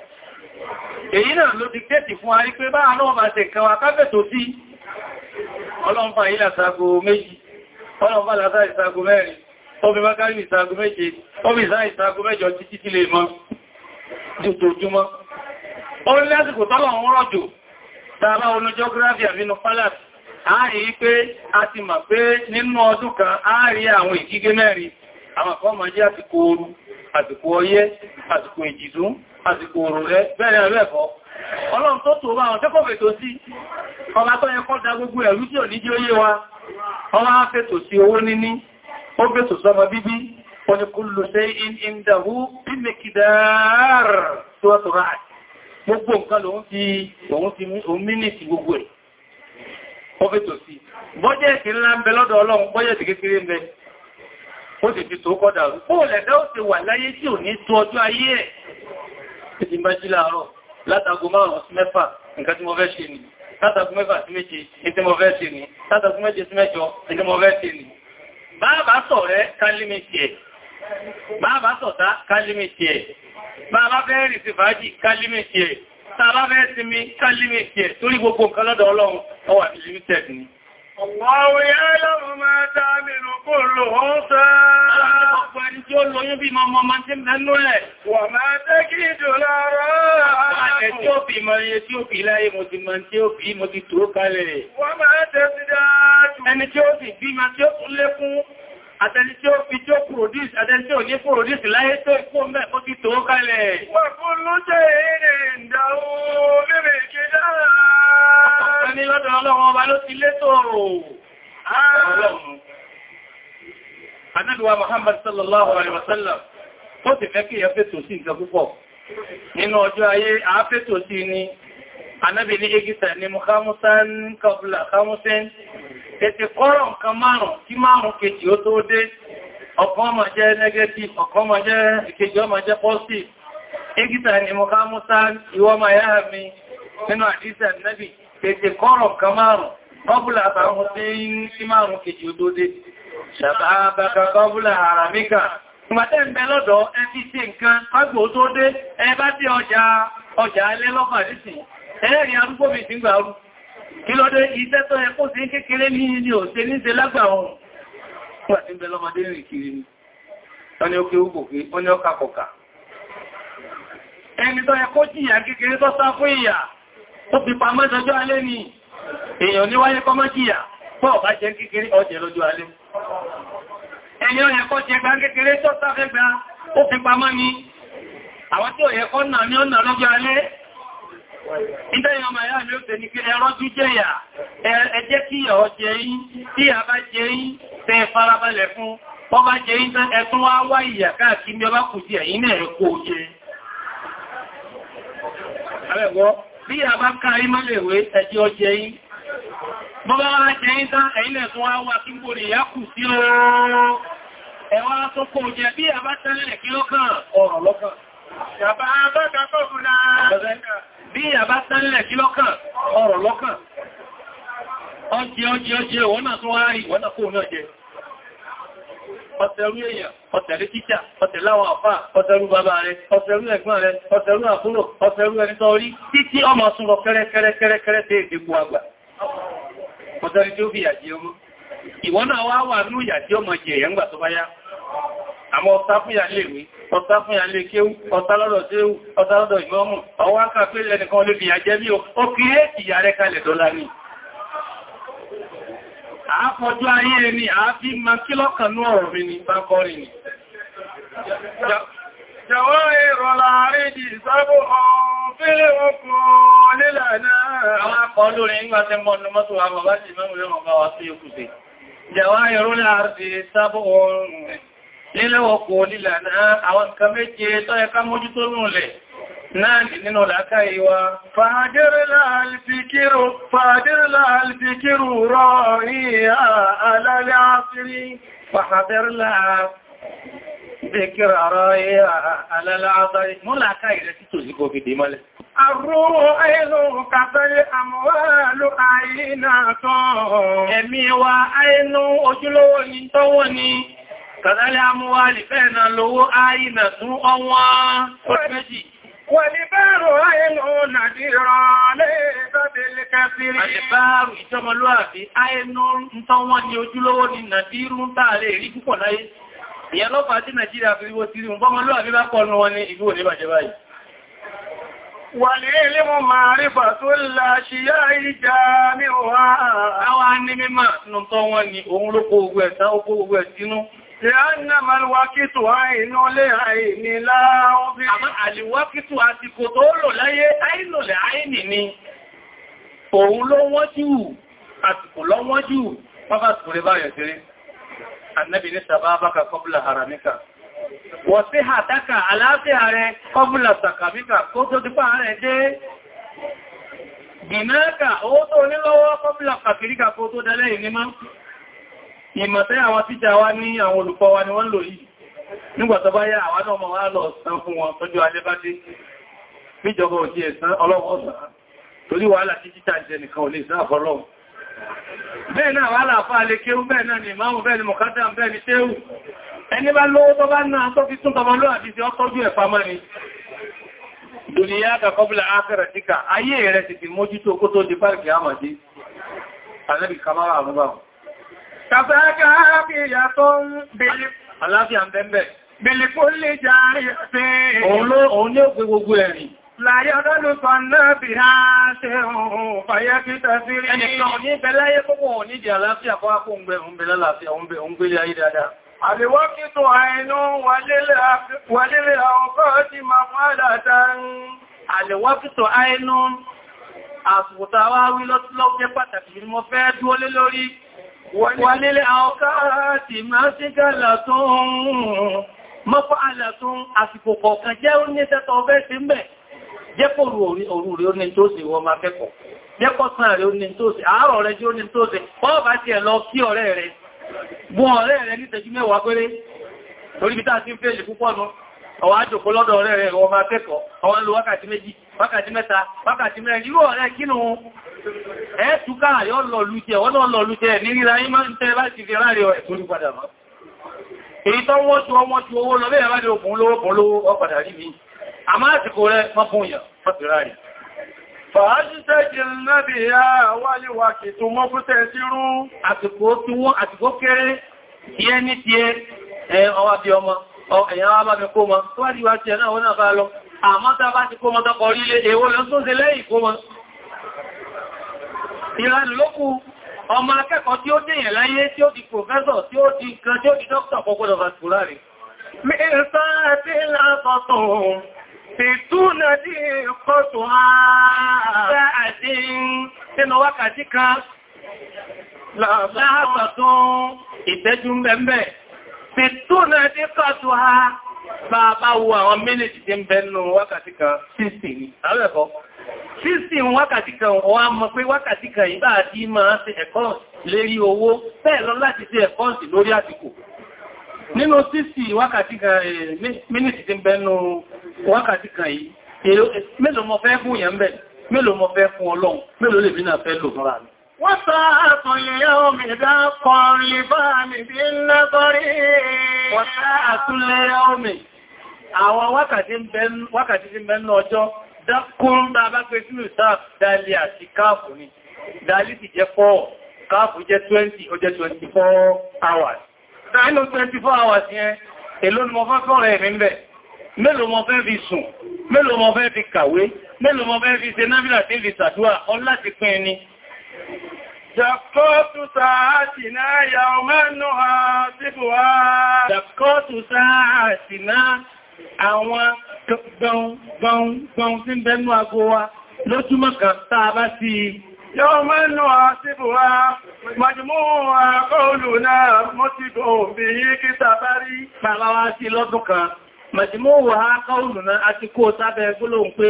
èyí náà ló dìkẹ́tì fún arí pé bá aláwọ̀ máa tẹ̀ kan akábẹ̀ tó sí ọlọ́mfà yí làtàgò méjì ọlọ́mfà látà ìtàgò mẹ́rin ọbí bákárí ìtàgò méje ọbí ìsá ìtàgò mẹ́jọ títí tí lè mọ́ jùtòjúmọ́ ó ní lásìkò tọ́lọ̀ ń rọ̀jò tàbá onogeography àfinú palace àárí pé a ti mọ̀ pé nínú ọdún kan àárí àwọn ìgígé mẹ́rin àwọn kan máa jẹ́ àsìkò ooru àsìkò ọyẹ́ àsìkò ìjìdún àsìkò òrùn rẹ bẹ́ẹ̀rẹ̀ ẹ̀rẹ́fọ́ ọlọ́run tó tó bá wọn tẹ́kọ̀ fètò sí ọba tó kọ́ da gbogbo ẹ̀rú tí ò ní jẹ́ óyé wa ọba fètò sí owó níní ó fètò sọmọ bíbí ó ní kullu shay'in indahu bi miqdar tó wọ́n tó rà gbogbo nǹkan lòun ti òun ti mínìtì gbogbo ẹ̀ ó fètò sí bọ́jẹ̀ẹ̀tì ńlá ń bẹ lọ́dọ̀ ọlọ́run bọ́jẹ̀ẹ̀tì kékeré ń bẹ ó sì fi tó kọ́dà rú ó lẹ̀dẹ́ ó ti wà láyé tí ò ní tó ọjọ́ ayé ẹ̀ ìdí bá jí láàárọ̀ látago márùn-ún sí mẹ́fà nǹkan tí mo fẹ́ ṣe ni látago mẹ́fà sí méje ìdí mo fẹ́ ṣe ni látago méje sí mẹ́jọ ìdí mo fẹ́ ṣe ni bàbá sọ̀rẹ́ kálímìtì ẹ̀ bàbá sọ̀tá kálímìtì ẹ̀ bàbá fẹ́ rìn sí fàájì kálímìtì ẹ̀ tàbá fẹ́ sinmi kálímìtì ẹ̀ Allahu ya'lamu ma ta'malu kullu unsa. Ọ̀pọ̀ ẹni tí ó lóyún bí mọ́ mọ́ tí mẹ́lú ẹ̀. Wa ma takidu lára. Àṣẹ tí ó bí mọ́ iye tí ó bí láyé mo ti mọ́ tí ó bí mo ti tó kalẹ̀. Wa ma tazidadu. Ẹni tí ó sì bí ma tí ó tún lékún àtẹni tí ó fi jó pòròdíìsì àtẹni tí ò ní pòròdíìsì láyé tó ikú mẹ́ ó ti tó kalẹ̀. wọ́n fún ló jẹ́ ìdáwó Muhammad sallallahu alaihi wasallam ó ti fẹ́ kí ẹ fẹ́ ni, Ànábì ní Egisa ni Muhammadan Kabla Hamusin Tẹ̀tẹ̀ kọ́rọ̀ nǹkan márùn-ún tí márùn-ún kejì ó tó dé, ọ̀kan ọmọ jẹ́ negative, ọ̀kan ọmọ jẹ́ ìkejì ọmọ jẹ́ positive. ni ma mi nínú àdísẹ̀ nẹ́bì. Tẹ̀tẹ̀ kọ́rọ̀ nǹkan márùn-ún, kọ́bùlà àtàrún tí márùn-ún kejì ó tó dé. kí ló dé iṣẹ́ tó yẹ kó sí kékeré ní ní òṣè ní ṣe lágbà wọn wà tí ń bẹ lọ́mọdé rìn kiri ni wọ́n ni ó kí ó kò kí ó ní ó kàkọ̀kà ẹni tó yẹ kó jìyà kékeré tó sá fún ìyà tó fi pamọ́ ìtọ́jú alẹ́ ni èèyàn ní wáyé kọ́mọ́ jìyà pọ̀ bá jẹ kékeré ọjẹ́ lójú alẹ́ ẹni ó yẹ kó jẹ gbá kékeré tó sáfẹ́ gbá ó fi pamọ́ ni àwọn tí ó yẹ ní ọ̀nà lójú alẹ́ Ìdẹ́yìn ọmọ ìyá mi ó tẹ́ ní pé ẹrọ́jú jẹ́yà, ẹjẹ́ kí ìyàwó jẹ yín, tí a bá jẹ yín, tẹ́ farabalẹ̀ fún, wọ́n bá jẹ yín tán ẹ̀tún wá wá ìyà káàkiri ní ọba kù sí ẹ̀yìn náà kó jẹ. bí a bá káàrí má lè wé ẹjẹ́ ọjẹ yín, bọ́ bá wá jẹ yín tán ẹ̀yìn náà tún wá wá kí gbòrè ìyá kù sí ooo. Ẹwà tó a bá tẹ́lẹ̀ kí bí ìyà bá tánlẹ̀ kí lọ́kàn ọ̀rọ̀ lọ́kàn ọjẹ́ ọjẹ́ ọjẹ́ wọ́n náà tó wá rí wọ́n náà kó ọ̀tẹ̀rú èèyàn ọ̀tẹ̀rú títà ọ̀tẹ̀láwọ̀ àfà ọ̀tẹ̀rú bàbá rẹ̀ ọ̀tẹ̀rú ẹ̀gbọ́n rẹ̀ ọ̀tẹ̀rú àbúrò ọ̀tẹ̀rú ẹni tó rí títí ọmọ súnrọ kẹ́rẹ́kẹ́rẹ́kẹ́rẹ́ tẹ́ àgbà ọ̀tẹ̀rú tí ó fi ọmọ ìwọ́n náà wá wà ọmọ ọ̀tá fún ìyàlẹ̀ kéwú ọ̀tá lọ́dọ̀ tíéwú ọ̀tá lọ́dọ̀ ìgbọ́mù ọwọ́ ká pé lẹ́nìkan olè fìyà jẹ́ bí ó kéré ìyà rẹ̀ kalẹ̀ dọ́lá ní àápọ̀jú ayé ni àáfí ma kí lọ́kànú ọ̀rọ̀ mi ni bá kọrin ni jàwọ́ ìrọ̀lá àrídì sábò ọ̀fẹ́lẹ̀ ọkùn nílànà àwọn akọ̀ lórí nígbàtẹ́ mọ́nà mọ́tò àbàbá sí mẹ́rin ọ̀gá wá sí ẹkùsẹ̀ jàwọ́ ìrọ̀lá àrídì sábò ọ̀rùn nínú ọkọ̀ lílà náà àwọn nǹkan méje tó yẹ ká mójútó rúnlẹ̀ náà nínú làákàyè wa fàádẹ́rẹ́lá alìfikírù rọ ìhà alálẹ́ àfírí fàádẹ́rẹ́lá ذكر رايا على العضي ملاكا إلى تتوزيكو في ديمالي الرؤيل كفل أموال عيناتهم أمي وعين أجلوني توني Kàdálẹ́ amúwálì bẹ́ẹ̀ náà lówó áyìnà tún ọwọ́n tó méjì. Wàlìbáàrù ayélu nàdírọ̀ lẹ́ẹ̀dọ́dẹ̀lẹ́ kẹfìrí. Àlìbáàrù ìjọmọlúwàbí ayélu ń tọ́ wọ́n ní ojúlówó ní nàdírù ń tàà lè rí púpọ̀ láyé. Ìyẹn lọ́pàá tí Nàìjíríà fi wó sírí ìbọ́mọlúwàbí bá pọ̀nù wọn ní ìlú òní bàjẹ́ báyìí. máa rí fàtó láṣíyá ìjà ní òhà. Àwọn anímímà nùtọ́ wọn ni òun ló kó ogun ẹ̀sá ó kó ogun ẹ̀sínú. Ìhánàmà alwakítù àìnú lè àìní láàá bí. Àmọ́ àlìwakítù àsìkò tó rò láyé àìnú lè àìní ni. Òun ló wọ́n jù, àsìkò lọ wọ́n jù, pápá tùrẹ báyẹ̀ tẹ́rẹ. Annabi ní sàbábáka kọbùlà haramika. Wọ́n sí hàtákà aláfíà rẹ kọbùlà sàkàmíkà kó tó dípá rẹ̀ dé. Gìnáàkà, owó tó onílọ́wọ́ kọbùlà kàfìríkà kó tó dẹ́lẹ́ ìmọ̀tẹ́ àwọn tíjà wa ní àwọn olùkọ́ wa ni wọ́n lò yìí nígbàtọ̀ bá yá àwọn ọmọ wa lọ san fún wọn tọ́jú alẹ́bádé níjọba òjí ẹ̀sán ọlọ́wọ́ ọ̀sán torí wàhálà tí títà jẹ nìkan ò lè sá àfọlọ́wọ́ bẹ́ẹ̀ náà wàhálà àfá alẹ́ kéwú bẹ́ẹ̀ náà ni ìmáàmù bẹ́ẹ̀ ni mọ̀kádà bẹ́ẹ̀ ni tẹ́wù ẹni bá lówó tó bá náà tó fi tún tọmọ lóàbí tí ó tọ́jú ẹ̀fà mọ́ ni dùnìyà kàkọ́bùlà ákẹrẹ síkà ayé rẹ̀ ti fi mójútó kó tó di párìkì àmàdé alẹ́bì kamara àmúbáwọ̀ Tàbágá bí ìyàtọ̀ ń bèèrè. Àláfíà ń bẹ́m̀bẹ̀. Bèèrè kó lè jà àríyàtẹ́. Òun ní òpin gbogbo ẹ̀rìn. Láyé ọdọ́lù kan náà bí ha ṣe ohun fàyẹ́ kí tàbí rí. Ẹnìkan ní bẹ̀láyé gbogbo òun ní ìdí àláfíà kọ́ ápò ń gbẹ̀ òun bẹ̀lá láàfíà òun gbé ayé dáadáa. Àríwọ́kí tó àìnú wàlélẹ̀ ọkọ́ ti máa fún àdàtà ń. Àríwọ́kí tó àìnú àsùkòtà Wàlílé àwọn káàtì máa sí gàlà tó ń mọ́pá àlà tó ń àsìkò kọ̀ọ̀kan jẹ́ ó ní tẹ́tọ̀ ọ̀fẹ́ sí mẹ́. Jẹ́pọ̀ òru rẹ̀ ó ní tó sì wọ́n máa kẹ́kọ̀ọ́. Jẹ́pọ̀ sàn rẹ̀ ó ní tó sì, àárọ̀ rẹ̀ jẹ́ ó ní tó sì, wọ́n bá ti ẹ̀ lọ kí ọ̀rẹ́ rẹ̀. Bùn ọ̀rẹ́ rẹ̀ ní tẹ́jú mẹ́wàá péré. Torí bí táà sí ń fẹ́ ọwọ́ àjòkó lọ́dọ̀ ọ̀rẹ́ rẹ̀ ọmọ akẹ́kọ̀ọ́ ọwọ́ ń lo wákàtí méjì wákàtí mẹ́ta wákàtí mẹ́rin irú ọ̀rẹ́ kínú ẹ̀ẹ́tùká yọ́ lọ lújẹ wọ́n lọ lújẹ ní ríra yí máa ń tẹ́ láti fi ráre ẹ̀ tó ya wà ní wà kì tó mọ́ fúnṣẹ́ sí rú àsìkò tí wọ́n àsìkò kéré tí ní tí ẹ ọwà bí ọmọ ẹ̀yàn wá bá mi kó mọ́ tó wá di wá ti ẹ̀ náà wọ́n náà bá lọ àmọ́ tá bá ti kó mọ́ tọ́kọ̀ orílẹ̀ èwọ́ lọ tó ṣe lẹ́yìn kó mọ́ ìranù lókù ọmọ akẹ́kọ̀ọ́ tí ó dèyàn láyé tí ó di pòfẹ́sọ̀ tí ó di nǹkan tí ó di dókítà kọ́kọ́dọ̀ vasculari Ìtúnà dí ìkọ́tù ààrẹ àti sínú wákàtí kan láàpàá tún ìtẹ́jú mẹ́mẹ́ fi túnà ní kọ́tù ha bá bá wo àwọn méjèèjì tí ń bẹ nínú wákàtí kan 60 ni àwọn ẹ̀kọ́ 60 wákàtí kan wọ́n mọ̀ pé wákàtí kan ìbá àti máa ṣe ẹ̀kọ́ lérí owó bẹ́ẹ̀ lọ láti ṣe ẹ̀kọ́ sí lórí àsìkò nínú 60 wákàtí kan eh, mínìtì tí ń bẹ nínú wákàtí kan yìí eh, mélòó mọ fẹ́ fún yẹn bẹ̀ mélòó mọ fẹ́ fún ọlọ́run mélòó lè bí وساعة اليوم داقا لبان بالنظر وساعة اليوم àwọn wákàtí tí mẹ́rin ọjọ́ dákùn bá bá pé sínú sáà dálí àti káàfù ni dálí ti jẹ́ 4 káàfù jẹ́ 20 ó jẹ́ 24 hours nínú 24 hours yẹn èló ni mo fẹ́ fọ́rẹ̀ ẹ̀mí mẹ́ mélòó mo fẹ́ fi sùn mélòó mo fẹ́ fi kàwé mélòó mo fẹ́ fi ṣe náà دقات ساعتنا يوما نحاسبها دقات ساعتنا àwọn gbọ̀ngbọ̀n tí ń bẹnu àgó wa lójúmọ́ kan táa bá sí yóò mẹ́nu àṣíbò wa mọ̀jùmọ́ àkọ́ọ̀lù náà mọ́ ti bò bí i kí sàbárí pàlàwà sí lọ́dún kan mọ̀jùmọ́ àkọ́ọ̀lù náà àti kó sábẹ́ gbólóhùn pé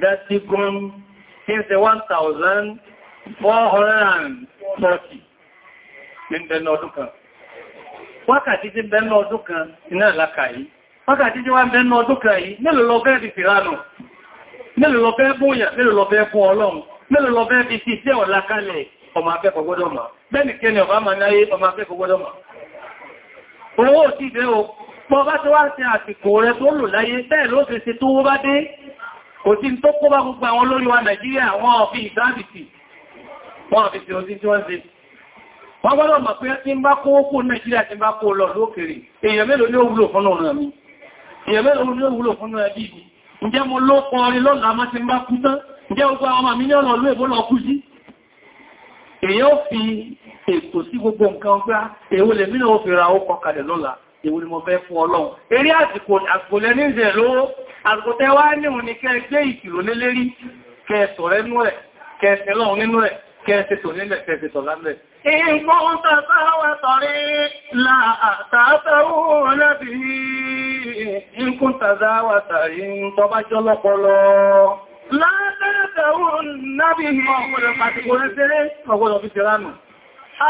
30 gun 440 ní bẹ̀rẹ̀ ọdún kan. Wákàtí tí bẹ̀rẹ̀ ọdún kan iná àlákà yìí. Wákàtí tí wá bẹ̀rẹ̀ ọdún kan yìí, mélòó lọ bẹ́ẹ̀ fi fìránù, mélòó lọ bẹ́ẹ̀ bóyà, mélòó lọ bẹ́ẹ̀ fún ọlọ́run, mélòó lọ bẹ́ẹ̀ fi sí iṣẹ́ ọ̀lá kalẹ̀ ọmọ akẹ́kọ̀ọ́ gbọ́dọ̀ mọ̀. Bẹ́ẹ̀ni kẹ́ni ọba máa náyé ọmọ akẹ́kọ̀ọ́ gbọ́dọ̀ mọ̀. o, pọ̀ bá ti wá sí àsìkò rẹ tó lò láyé bẹ́ẹ̀ ló ṣe ṣe tó wó bá dé, kò sí tó kó bá gbogbo wọ́n àfi ṣe ọdí tí wọ́n ṣe wọ́n gbọ́dọ̀ mọ̀ pé tí ń bá kó kó Nàìjíríà tí ń bá kó lọ lókèrè èèyàn mélòó ní ó wúlò fún ọ̀rọ̀ mi èèyàn mélòó ní ó wúlò fún ọ̀rọ̀ ẹbí mi ǹjẹ́ mo ló kọ orin lọ́la má ti ń bá ni mo fẹ́ fún Ọlọ́run eré àsìkò àsìkò lẹ́ní ìzẹ̀ lówó àsìkò tẹ́ wá níhun ni kẹ́ gbé ìkìlò nú ẹ̀ kẹ́ sẹ́lọ́run nínú ẹ̀ kẹ́ẹ̀tẹ́tò nílẹ̀ kẹ́ẹ̀tẹ́tò lálẹ̀. Ìgbóhun tàbáwà tọ̀rí láàtàtàwò lẹ́bí ìkún tàbáwà tàrí tọba jọlọpọlọ. Látàtàwò nábi ọgbọ̀dọ̀ pàtàkì orí tẹ́rẹ ọgbọ̀dọ̀ fi tẹ́ránù.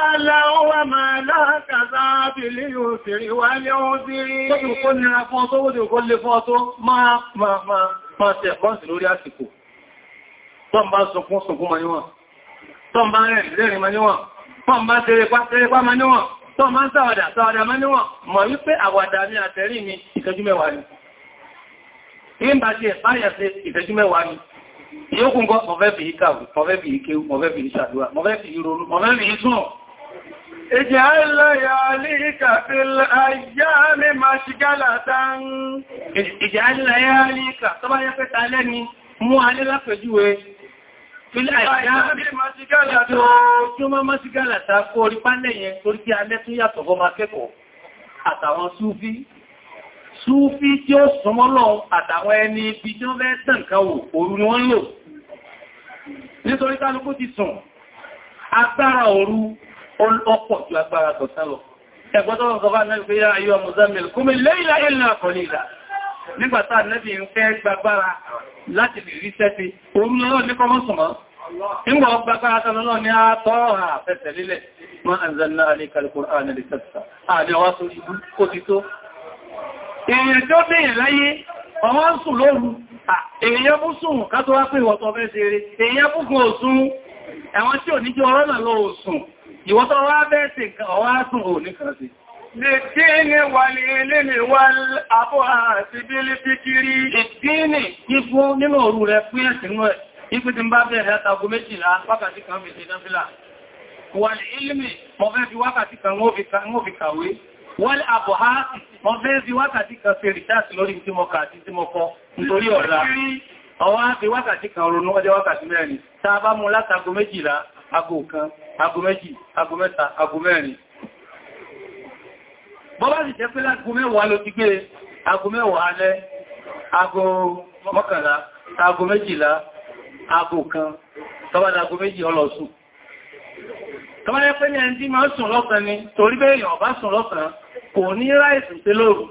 Aláwọ̀ máa láàkàzá bìlí òsìrí wà ní òsìrí. Tó kí kó nira fún ọtọ́, ó dì kó máa tẹ̀ tọ́m bá rẹ̀ lẹ́rin ma níwọ̀n tọ́m bá tẹ́rẹpá tẹ́rẹpá ma níwọ̀n tọ́m bá ṣàwàdà ṣàwàdà ma níwọ̀n mọ̀ wípé àwàdà ní àtẹ́rí mi ìtẹ́jú mẹ́wàá ni ìbá ti ẹ̀fáyà sí ìtẹ́jú mẹ́wàá ni ìyókùn gọ́ mọ̀fẹ́ fi ìkàwù mọ̀fẹ́ fi ìkéwù mọ̀fẹ́ fi ìṣàdúwà mọ̀fẹ́ fi ìrònú mọ̀fẹ́ fi ìtúnà Ìjẹ́ aláyà alíkà fi ayá mi máa ṣigálà tán. Ìjẹ́ aláyà alíkà Súfí tí ó súnmọ́ lọ àtàwọn ẹni ibi tí ó fẹ́ tàn kan wò òru ni wọ́n lò. Nítorí kálukú ti sùn, agbára òru ọpọ̀ ju agbára tọ̀sán lọ. Ẹgbọ́tọ́ ọ̀sọ̀fà náà pé ayọ́ Mùsàmìl kúmi lẹ́yìn láyé nígbàtà nẹ́bí ń fẹ́ gbagbára láti lè rí sẹ́fí orún lọ́rọ̀ ní kọmọ́ sùnmọ́ nígbà gbagbára tọ́lọ́lọ́ ní àtọ́rà fẹ́sẹ̀ lílẹ̀ ma anzalna alayka al-Qur'ana litaska àdí ọwá tó ibú kó ti tó èèyàn tó bèèrè láyé ọwọ́ ń sùn lóru èèyàn bú sùn ká tó wá pé ìwọ̀tọ̀ fẹ́ ṣe eré èèyàn bú kan òsùn ẹ̀wọ̀n tí ò ní jẹ́ ọ̀rọ̀ náà lọ òsùn ìwọ̀tọ̀ wá bẹ́ẹ̀ sí ọwá sùn ò ní kan Lèdíni wà ní ilé ni wà àbọ̀ àti bí lè fi kiri. Lèdíni kíkún nínú òru rẹ̀ fún ẹ̀sìn rẹ̀, ipé ti ń bá bẹ̀rẹ̀ àtàgò méjìlá wákàtí kan fi ṣe náfílà. Wà ní ilé mọ̀ fẹ́ fi wákàtí kan wó fi kàwé. Wọ́n àbọ̀ ha mọ̀ fẹ́ fi wákàtí kan fi rìsáàtì lórí tí mo kà àti tí mo kọ nítorí ọ̀la. Ọwọ́ á fi wákàtí kan ronú ọjọ́ wákàtí mẹ́rin, tá bá mú látago méjìlá, ago kan, ago méjì, ago mẹ́ta, ago mẹ́rin bọ́bá sì jẹ́ pé láàgùn mẹ́wàá ló ti gbé aago mẹ́wàá alẹ́ aago mọ́kànlá aago méjìlá aago kan tọ́bádà aago méjì ọlọ́sùn tọ́bádà pé ní ẹni tí máa sùn lọ́sàn ni torí bẹ́ẹ̀ yàn bá sùn lọ́sàn kò ní ráìsì sí lóru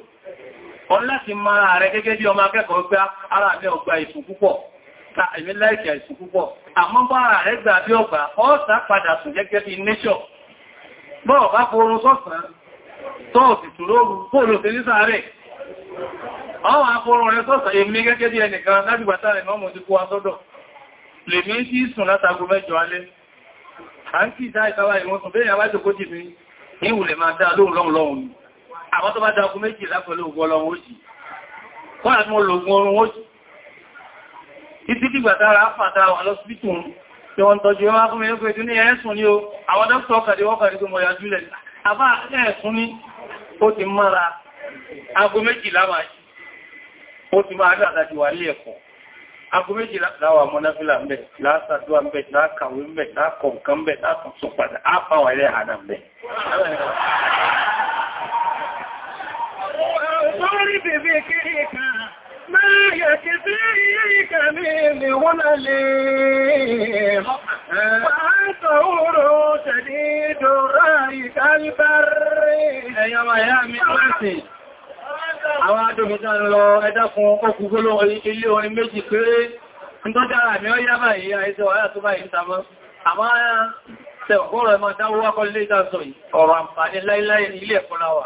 ọ̀n láti mara rẹ̀ gẹ́gẹ́ bí ọmọ akẹ́kọ̀ọ́ gbá ara mi ọgbà ìsùn púpọ̀ ta èmi láìkì àìsùn púpọ̀ àmọ́ bá ara rẹ̀ gbà bí ọgbà ọ́sà padà sùn gẹ́gẹ́ bí nation bọ́ọ̀ bá forun sọ́sàn tọ́ọ̀sì tùlóòrù fóòlù sí ní sàárẹ̀ àwọn akọrùn rẹ̀ sọ́sà èmi gẹ́gẹ́ bí ẹnìkan láti gbàtà rẹ̀ mọ́mù ti kó wa sọ́dọ̀ lè mí sí sùn látago mẹ́jọ alẹ́ à ń kí ìdá ìtawà ìwọ̀nsùn bẹ́ẹ̀ àwájò kó jì mí ní ìwùlẹ̀ máa dá lóhùn lọ́hùn lọ́hùn mi àwọn tó bá dá ogun méjì lápẹ̀lú ogun ọlọ́run ó jì wọ́n àti mo lògùn ọrùn ó jì títí dìgbà tára àfàtà wà lọ́sibítù tí wọ́n tọ́jú ẹwà fún mi ó pé tí ní ẹ̀ẹ́sùn ni ó àwọn dókítà ọkàdé wọ́kàdé tó mọ̀ yájú lẹ̀ àbá ẹ̀ẹ̀sùn ní ó ti mọ́ra aago méjìlá máa ṣí ó ti máa dáadáa ti wà ní ẹ̀kọ́ aago méjìlá láwà mọ́náfílà mẹ́ láàsàdúwà mẹ́ láàkàwé mẹ́ láàkọ̀ọ̀kan mẹ́ láàkọ̀ọ̀sùn padà ápàwà ilẹ̀ àná mẹ́ Lórí bèbè kéré kan ما يكفيك من غلل وعطور شديد الرأي كالبر يا ميامي أرسي Àwọn adóbìtà lọ ẹ̀dàkùn ọkùnkúlò ilé orin méjì péré ń tó dára mi ọ yábà yìí àìsẹ̀ wáyà tó bá ìtàmọ́. Àmá tẹ ọ̀gọ́rọ̀ ẹmọ dáwọ́wọ́kọ́ lé ìdáǹsọ̀ yìí, ọ̀rọ̀ àǹfààní láíláí ilé ẹ̀kọ́ náà wà.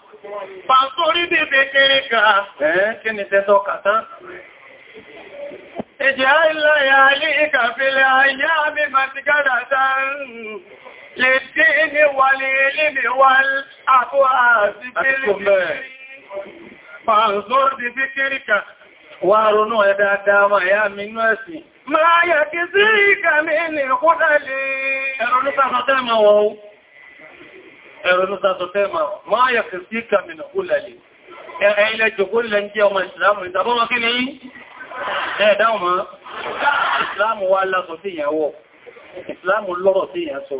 Pàtórí bèbè kéré ká. Ẹ̀ẹ́ kí ni tẹ́tọ́ kàtá? Ìjẹ́ àìláyà alé ìkàfilẹ̀ ayé àmì màtíkádà sáàrùn lè dé ní wàlé ilé mi wà àbú àti kéré. Pàtórí bèbè kéré ká. Wà ronú ẹ̀ dáadáa wà yá mi nú ẹ̀sìn. Máa yà kí sí ìkàmí ní kúdà Ẹ̀rọ ní ẹ̀rọ ló sásọ tẹ́mà máa yà kì sí kàmìnà kúlẹ̀lẹ̀ ẹ̀rẹ ilẹ̀ jòkólẹ̀ ń jẹ́ ọmọ ìsìlámù ìtàbọ́mọ́ kí ni yí ẹ̀ẹ̀dáhùn mọ́ ìsìlámù wá lásọ sí ìyàwó ìsìlámù lọ́rọ̀ sí ìyàsọ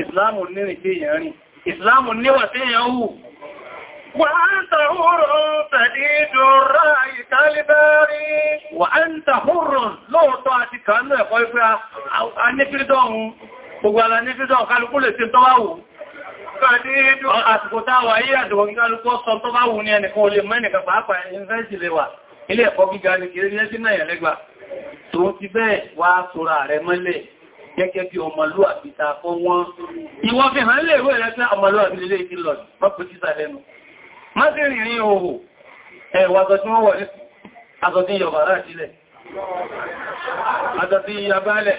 ìsìlámù nírìn sí ìyàrin ìsìlámù níwà sí ìyàwó وأنت حر سديد الرأي كالباري وأنت حر lóòtọ́ àti kàánú ẹ̀kọ́ ìfẹ́ a Àsìkò táwà yí àdìwọ̀ gíga lúkọ́ sọ tó bá wù ní ẹnìkan olè mọ́ ẹnìkan pàápàá ìrìnfẹ́sì lè wà ilé ẹ̀kọ́ gíga ní kìí rẹ̀ sínú ẹ̀yà lẹ́gbà. Tó ti bẹ́ẹ̀ wá sọ́ra rẹ̀ mọ́lẹ̀ gẹ́gẹ́ bí ọmọlúwàbí ta fọ́ wọn. Ìwọ fi hàn lè wé rẹ̀ sí ọmọlúwàbí lè ti lọ mọ́pù títà lẹ́nu. Má sì rìnrìn òhò ẹ̀wà sọ tí wọ́n wọ̀ àtọ̀tí yọ̀bà rà sílẹ̀. Àtọ̀tí yàbálẹ̀,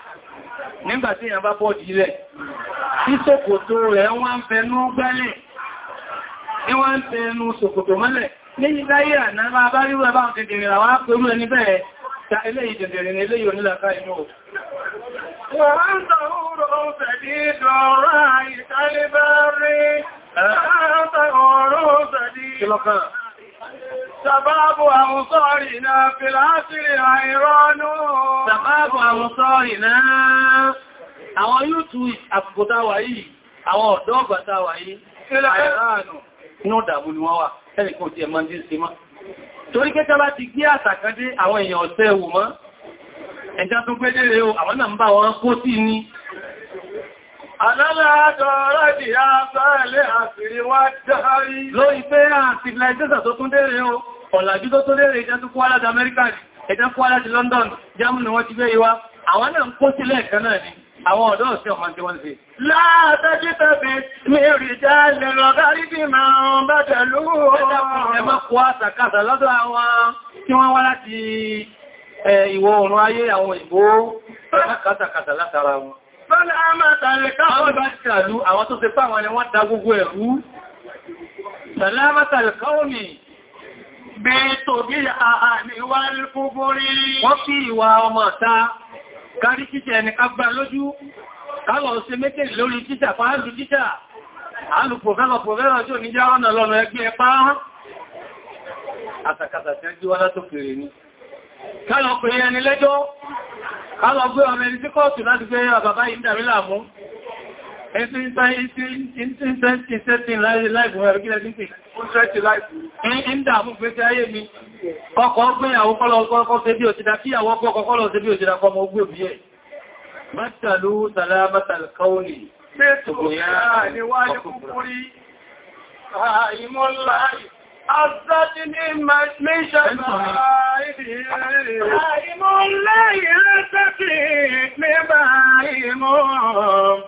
nígbàtí èèyàn bá pọ̀ jílẹ̀ tí ṣòkòtò rẹ̀ wọ́n ń fẹnú gbẹ́lẹ̀ ní wọ́n ń fẹnú ṣòkòtò mọ́lẹ̀ ní ìdáyé àná máa bá rí wẹ́bá àwọn àwọn akọrú ẹni bẹ́ẹ̀ ta eléyìí tètèrè ní eléyìí onílàká inú Wọ́n Sàbábù àwọn sọ́rì náà fìlásìrì àìrọ́nù. Sàbábù àwọn sọ́rì náà, àwọn yóò tú àpòtàwà yìí, àwọn ọ̀dọ́ ọgbàtàwà yìí, àìrọ́nù, inú ọ̀dàmù ni wọ́n wà, ẹni kò tiẹ̀ máa ń dín sí mọ́. Torí kẹta bá ti gbé àtàkádé àwọn èèyàn ọ̀sẹ́ ẹ̀wù mọ́, ẹjá tó gbẹ́jẹ́rẹ́ o, àwọn náà ń bá wọn Alálàádọ́rọ̀ di àbálẹ̀ àfìríwá dárí. Lórí pé àtìlẹ̀ tó tún dére o, ọ̀làjú tó tún dére ìjẹ́ tó kó aláti Amẹ́ríkà, ìjẹ́ kó aláti London, Germany wọ́n ti gbé ìwá. Àwọn náà ń kó sílẹ̀ kan ni àwọn ọ̀dọ́ sí ọmọ wọ́n sí. Láàtàjítẹ̀ bí mi rí jálẹ̀ lọ Bọ́lá a máa tààrẹ káwọn bá ṣàlú àwọn tó ṣe fáwọn ni wọ́n da gbogbo ẹ̀rú. Sàlámátà lè káwọn mi bí tòbí àà ní wá fúgbó rí. Wọ́n fi ìwà ọmọ ta kárí títẹ̀ ẹni kágbà lójú, káwọ̀ ṣe méjèèjì lórí títà fáàlù títà, àálù pòfẹ́lọ̀ pòfẹ́lọ̀ tí ò ní já ọ̀nà lọ́nà ẹgbẹ́ pàá. Àtàkàtà tí ó jí wá látòkèrè ni kálọ̀ pè ẹni lẹ́jọ́ kálọ̀ gbé ọmọ ẹni tí kọ́ọ̀tù láti gbé àbàbá yìí dàrí láàmú Ọkọ̀ ọgbẹ́yàwó kọ́lọ̀kọ́ ṣe bí òṣìdá kí àwọn ọgbọ́ kọ́kọ́lọ̀ ṣe bí òṣìdá kọmọ ogbé òbí ẹ̀. Mátàlú sàlámátàlú káólì, ṣe tó yá ni wá ní kúkúrí, àìmọ́lá أصدني من شفائي قائم لا يرتقي بهائم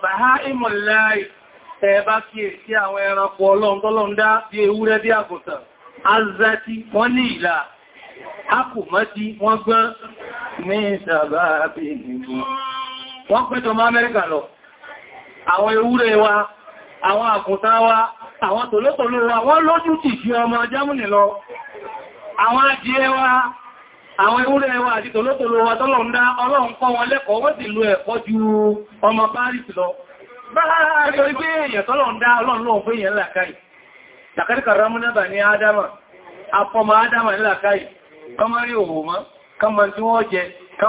بهائم الله Ẹ̀bá kí è sí àwọn ẹranko ọlọ́run tọ́lọ́run dá bí ewúrẹ́ bí àgùntàn, azati wọ́n ní ìlà, a kò mọ́tí wọ́n gbọ́n ní ìṣàbá àbí ìgbìmọ̀. Wọ́n pẹ́tọ̀ mọ́ Amẹ́ríkà lọ, àwọn ewúrẹ́ wa, àwọn àgùntàn wa, àwọn tòlótòló wa wọ́n lójú ti fi ọmọ jámùnì lọ àwọn adìẹ wa àwọn ewúrẹ́ wa àti tòlótòló wa tọ́lọ̀n nda ọlọ́run kọ́ wọn lẹ́kọ̀ọ́ wọ́n sì lo ẹ̀kọ́ ọmọ Paris lọ nítorí ibe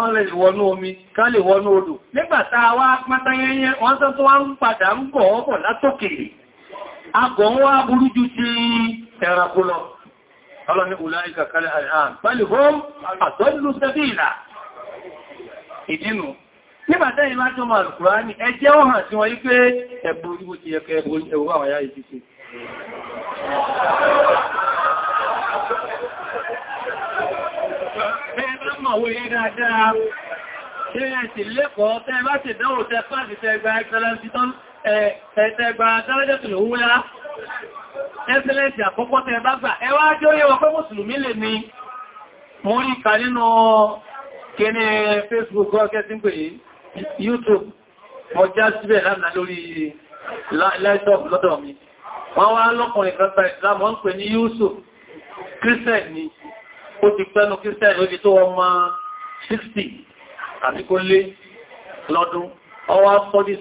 lè wọnú omi lè wọnú odò nígbàtà wá pátá yẹnyẹ wọ́n wá ń padà ń akọ̀ ń wá burú ju ti ẹranko lọ ọlọ́ni ulai kàkàlẹ̀ àìhàn pẹ̀lú home àtọ́lù sẹ́bìlà ìdínú nígbàtá ìmá tó máa lùkùrá ní ẹjẹ́ ó hàn sí wọ́n yí pé ẹ̀bù ìwò ti ẹ̀kẹ́ ẹ̀wọ̀ àwọn ayá ìjú sí ẹ̀bá mọ̀wé dáadáa ṣe ẹ̀sì lẹ́kọ̀ọ́ tẹ́ bá ti ẹ̀ẹ̀tẹ̀gbà dárájẹ́tù ló wúlá ẹ́sẹ̀lẹ́sì àkọ́kọ́ tẹ bá gbà ẹwà jẹ́ oyé wọ́n pé mùsùlùmí lè ní mo rí ka nínú kíní Facebook ọkẹ́ tí ń pè YouTube mo já síbẹ̀ lánàá lórí laptop mi wọ́n wá lọ́kùnrin kan gba Islam wọ́n ń pè ní Yusuf Christian ni ó ti pẹ́nu Christian lóbi tó wọ́n máa 60 àti kó lé lọ́dún ọwá sọ́dí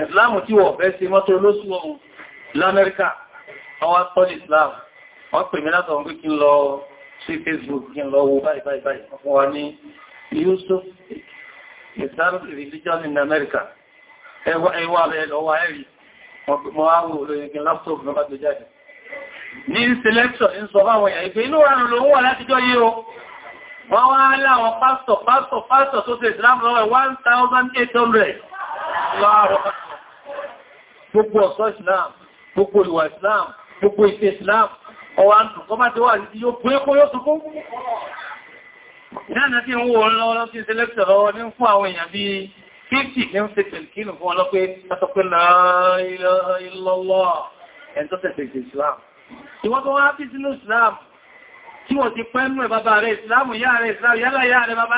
ìsìláàmù tí wọ́n fẹ́ sí mọ́tò olóṣù ọ̀hún l'Amẹ́ríkà ọwá tọ́lì ìsìláàmù wọ́n pè mí látọ̀ pé kí n lọ sí Facebook kí n lọ wo báyìí báyìí báyìí fún wa ní Yusuf Islamic religion in America ẹwà rẹ̀ lọ́wà ẹ̀rí mọ́ áwọ̀ olóyìnkín laptop ní ọba tó jáde ní selection ní sọ fáwọn èèyàn ìpé inú ránù ló ń wà látijọ́ yìí o wọ́n wá láwọn pásítọ̀ pásítọ̀ pásítọ̀ tó ṣe Islam lọ́wọ́ 1800 Gbogbo ọ̀sọ́ Islam, gbogbo ìwà Islam, gbogbo ìṣe Islam, ọwà ń tún, kọmá tí wà ní yóò pé kó yóò tún kó. Ìdáná tí ń wo ọlọ́rọ̀ tí sẹ́lẹ́kṣọ̀ lọ́wọ́ ní fún àwọn èèyàn bí 50 ní ń ṣe tẹ̀lkínù fún ọlọ́pẹ́ látọ́pẹ́ láàá tí wọ́n ti pẹ́ mú ẹ̀ bàbá rẹ̀ ìsìláàmù yá rẹ̀ ìsìláàmù yálà yá rẹ̀ bàbá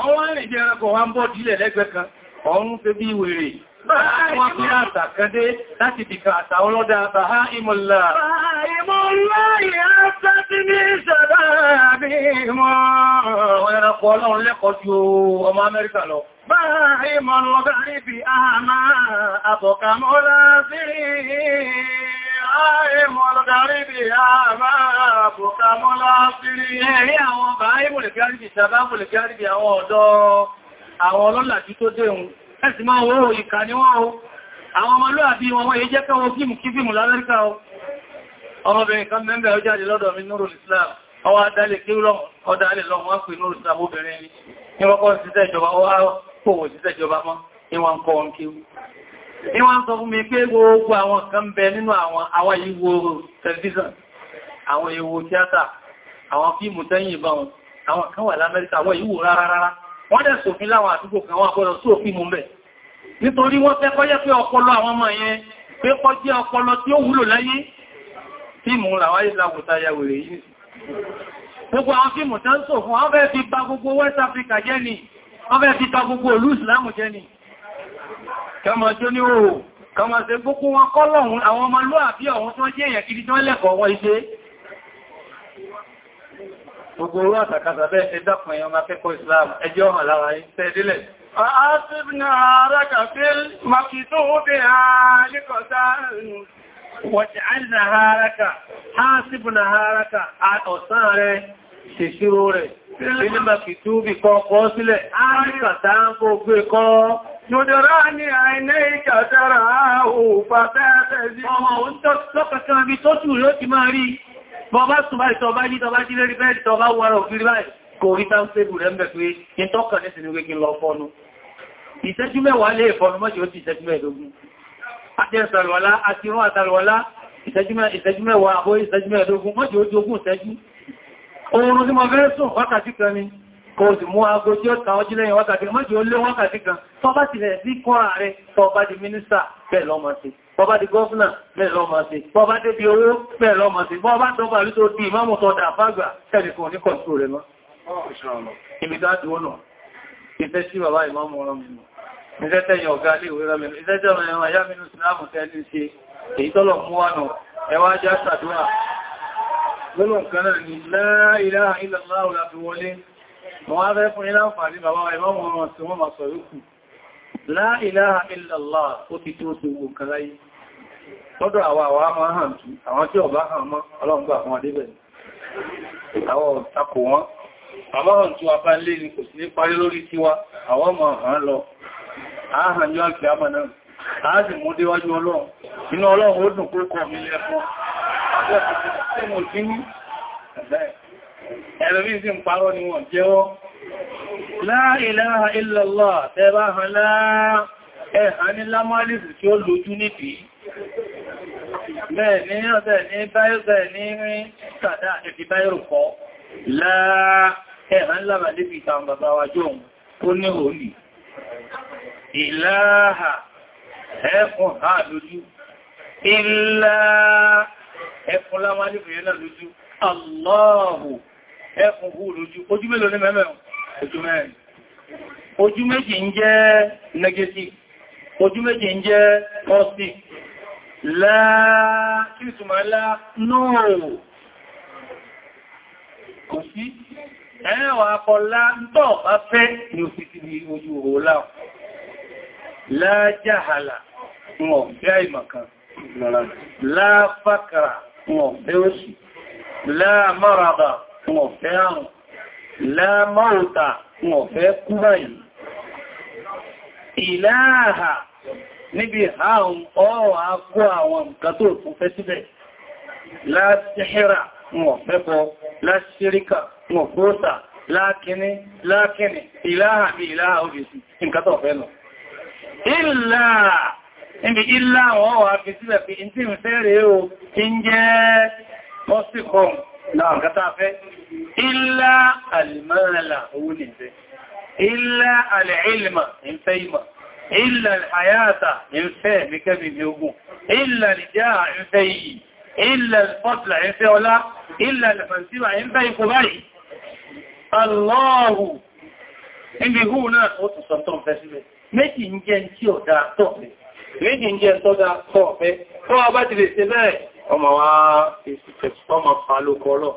ọwọ́ rìn jẹ́ ẹranko wá ń bọ́ dílẹ̀ lẹ́gbẹ̀ẹ́ kan ọ̀run fẹ́ bí wèrè wọ́n fi àtà kan dé láti bìkà àtà ọlọ́dà bàhá ìmọ̀lá ìmọ̀lá ìrẹ́ta tí ní ìṣẹ̀dá àbí mọ́ ẹranko ọlọ́run lọ báyìí níbi àmà àbọ̀kàmọ́lá sí Ààrẹ̀mù ọlọ́darí bí i àmà àbùkà mọ́lá sírí ẹ̀rí àwọn bàáyé mọ̀lẹ̀gárí bí ìṣàbá mọ̀lẹ̀gárí bí àwọn ọ̀dọ́ àwọn ọlọ́làjú tó déhun. Ẹ̀sì máa wọ́n ìkà ní wọ́n o. Àwọn ọmọlúàbí wọn wọ́n yẹ jẹ́ kẹwọ́ fíìmù kí fíìmù l'Amẹ́ríkà o. Ọmọbìnrin kan mẹ́mbẹ̀ ó jáde lọ́dọ̀ mi Nurul Islam. Ọwọ́ adálẹ̀ kí ọdálẹ̀ lọ́wọ́ wọ́n pè Nurul Islam obìnrin ni. Ní wọ́n kọ́ sí ìjọba, Ni wọ́n sọ fún mi pé gbogbo àwọn kan bẹ nínú àwọn ìwò tẹlifíṣàn àwọn ìwò tíátà àwọn fíìmù tẹ́yìn ìbá wọn àwọn kan wà l'Amẹ́ríkà àwọn ìwò rárá rárá wọ́n dẹ̀ ṣòfin láwọn àdúgbò kan wọ́n gbọ́dọ̀ sí òfin mú mẹ́ nítorí wọ́n fẹ́ kọ́jẹ́ pé ọpọlọ àwọn ọmọ yẹn pé kọ́jẹ́ ọpọlọ tí ó wúlò láyé fíìmù làwọn ìlàwòta yàwèrè yìí gbogbo àwọn fíìmù tẹ́ ń sọ wọ́n fẹ́ fi bà gbogbo West Africa jẹ́ ni wọ́n fẹ́ fi bà gbogbo olú ìsìlámù jẹ́ ni kẹmọ̀ tó ní òò kẹmọ̀ tẹ gbókún wọn kọ́ lọ́hun àwọn ọmọ lóàbí ọ̀hun tó jẹ́ èyàn kiri tó lẹ́kọ̀ọ́ wọ́n iṣẹ́ gbogbo orú àtàkàtà bẹ́ẹ̀ ẹ dákun ẹ̀yàn máa kẹ́kọ̀ọ́ Islam ẹjọ́ hàn lára iṣẹ́ ìdílẹ̀ فآصبنا عرك في المكتوب لقتال واجعلنا هارك حاسبنا هارك ọ̀sán rẹ̀ ṣèṣirò rẹ̀ nínú màkìtú bí kọ́ kọ́ sílẹ̀ àríkàtà ń kó gbé kọ́ Yòdìrání àìní ìjàdára òfà tẹ́ẹ̀tẹ́ sí ọmọ òun tó lọ́pẹ̀kan bí tó tù ló ti máa rí bọ́bá sùn báyìí tọba yìí tọba jílé rí bẹ́ẹ̀ tọba wọ́rọ̀ òfin báyìí kò rí tán fébù rẹ̀ mẹ́ pé kí n tọ́kàn ní sinú wékin lọ fọ́nu. Ìṣẹ́jú mẹ́wàá lé ìfọ́nu mọ́ṣe ó ti ìṣẹ́jú mẹ́ẹ̀dógún. Àtẹ́sàrọ̀lá àti rún àtàrọ̀lá ìṣẹ́jú mẹ́wàá àbó ìṣẹ́jú mẹ́ẹ̀dógún mọ́ṣe ó ti ogún ìṣẹ́jú. Oorun tí mo fẹ́ sùn wákàtí kan ni kò sì mú aago tí ó tàn ọjú lẹ́yìn wákàtí mọ́jú ó lé wákàtí kan tó bá ti rẹ̀ sí kọ́ ààrẹ tó bá di mínísítà bẹ́ẹ̀ lọ́mọ sí tó bá di gọ́fúnà bẹ́ẹ̀ lọ́mọ sí tó bá débi owó bẹ́ẹ̀ lọ́mọ sí bọ́ bá tọ́bà lú tó di ìmáàmù tó dà fágbà tẹ́lẹ̀ kan ní kọ̀tù rẹ̀ mọ́ ibi dájú ó nà ìfẹ́ sí bàbá ìmáàmù ọ̀rọ̀ mi ìfẹ́ tẹ́yìn ọ̀gá ilé ìwé rẹ̀ mi ìfẹ́ tẹ́yìn ọ̀rọ̀ ẹ̀yà mi nù sílámù tẹ́lẹ̀ ṣe èyí tọ́lọ̀ mú wà nù ẹwà ajá sàdúrà lọ́nà kan náà ni la ilaha illallah láti wọlé wọ́n á fẹ́ fún ilá àǹfààní bàbá wa ìmọ́ wọn tí wọ́n máa sọ la ilaha ó ti tó ti wò kan láyé lọ́dọ̀ àwọn àwọn a máa àwọn tí ọba hàn mọ́ ọlọ́ngbà fún adébẹ̀ àwọn ń lé ní ẹ̀lọ́bí sí ń parọ́ ni wọ́n jẹ́wọ́ la ilaha illallah tẹ́bá hàn láà ẹ̀hàn ní lámọ́lìsì tí ó lójú nìdí bẹ́ẹ̀ ní ọ̀sẹ̀ ní báyọ̀sẹ̀ ní rí kàdá ẹ̀fì báyọ̀rù kọ́ láà ẹ̀hàn lábà lè fi ìtàn bàbá wa jọ ó ní òní ìlàáhà ẹ̀kùn ha lójú ìlàá ẹ̀kùn ẹkùn kú lójú ojú mélòó ní mẹ́mẹ́ ojú mẹ́rin ojú méjì ń jẹ́ negative ojú méjì ń jẹ́ positive láàá kí ìtumọ̀ láàá náà kò sí ẹ̀wọ̀n akọ̀lá tọ́ bá fẹ́ ni ó fi ti di ojú òwò láà lájáhàlà wọn bí àìmọ̀kan láàfàkàrà wọn bí ó sì láàmọ́ràbà fún ọ̀fẹ́ àrùn lámọ́ta fún ọ̀fẹ́ kú báyìí ìláàhà níbi àrùn ọwà kó àwọn nǹkan tó tún fẹ́ síbẹ̀ láṣíríkà fún ọ̀fọ́ta lákíní lákíní ìláàhà bí fẹ́ lọ níbi láwọn kátà fẹ́ ilá alìmọ́rànlá owó ní ìfẹ́ ilá alìílmà ìfẹ́ ìmà ilá àyàtà ìfẹ́ mẹ́kẹ́bì ní ogun ilá ìjá ìfẹ́ yìí ilá ìfọ́tìlà ìfẹ́ ọlá ilá ìfẹ́síwà ìfẹ́ ikú báyìí Allahu ibi hù náà ó tún sọ tọ́m fẹ́ sílẹ̀ méjì ń jẹ́ tí ọ̀dá tọ́ọ̀fẹ́ méjì ń jẹ́ tọ́dá tọ́ọ̀fẹ́ tọ́ọ̀bá ti lè ṣe bẹ́ẹ̀ ọmọ wá ọmọ fàálùkọlọ̀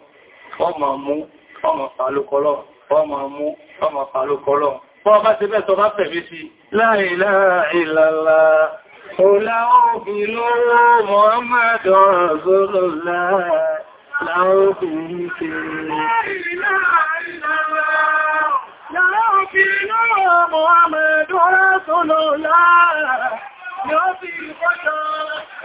ọmọ mú ọmọ fàálùkọlọ̀ ọmọ mú ọmọ fàálùkọlọ̀ bọ́ bá ti bẹ́ tọ bá pẹ̀lú sí la ilaha illallah ọlá òbí lọ́wọ́ Muhammad Rasulullah láòbí la ilaha illallah láòbí lọ́wọ́ Muhammad yóò fi kọjọ́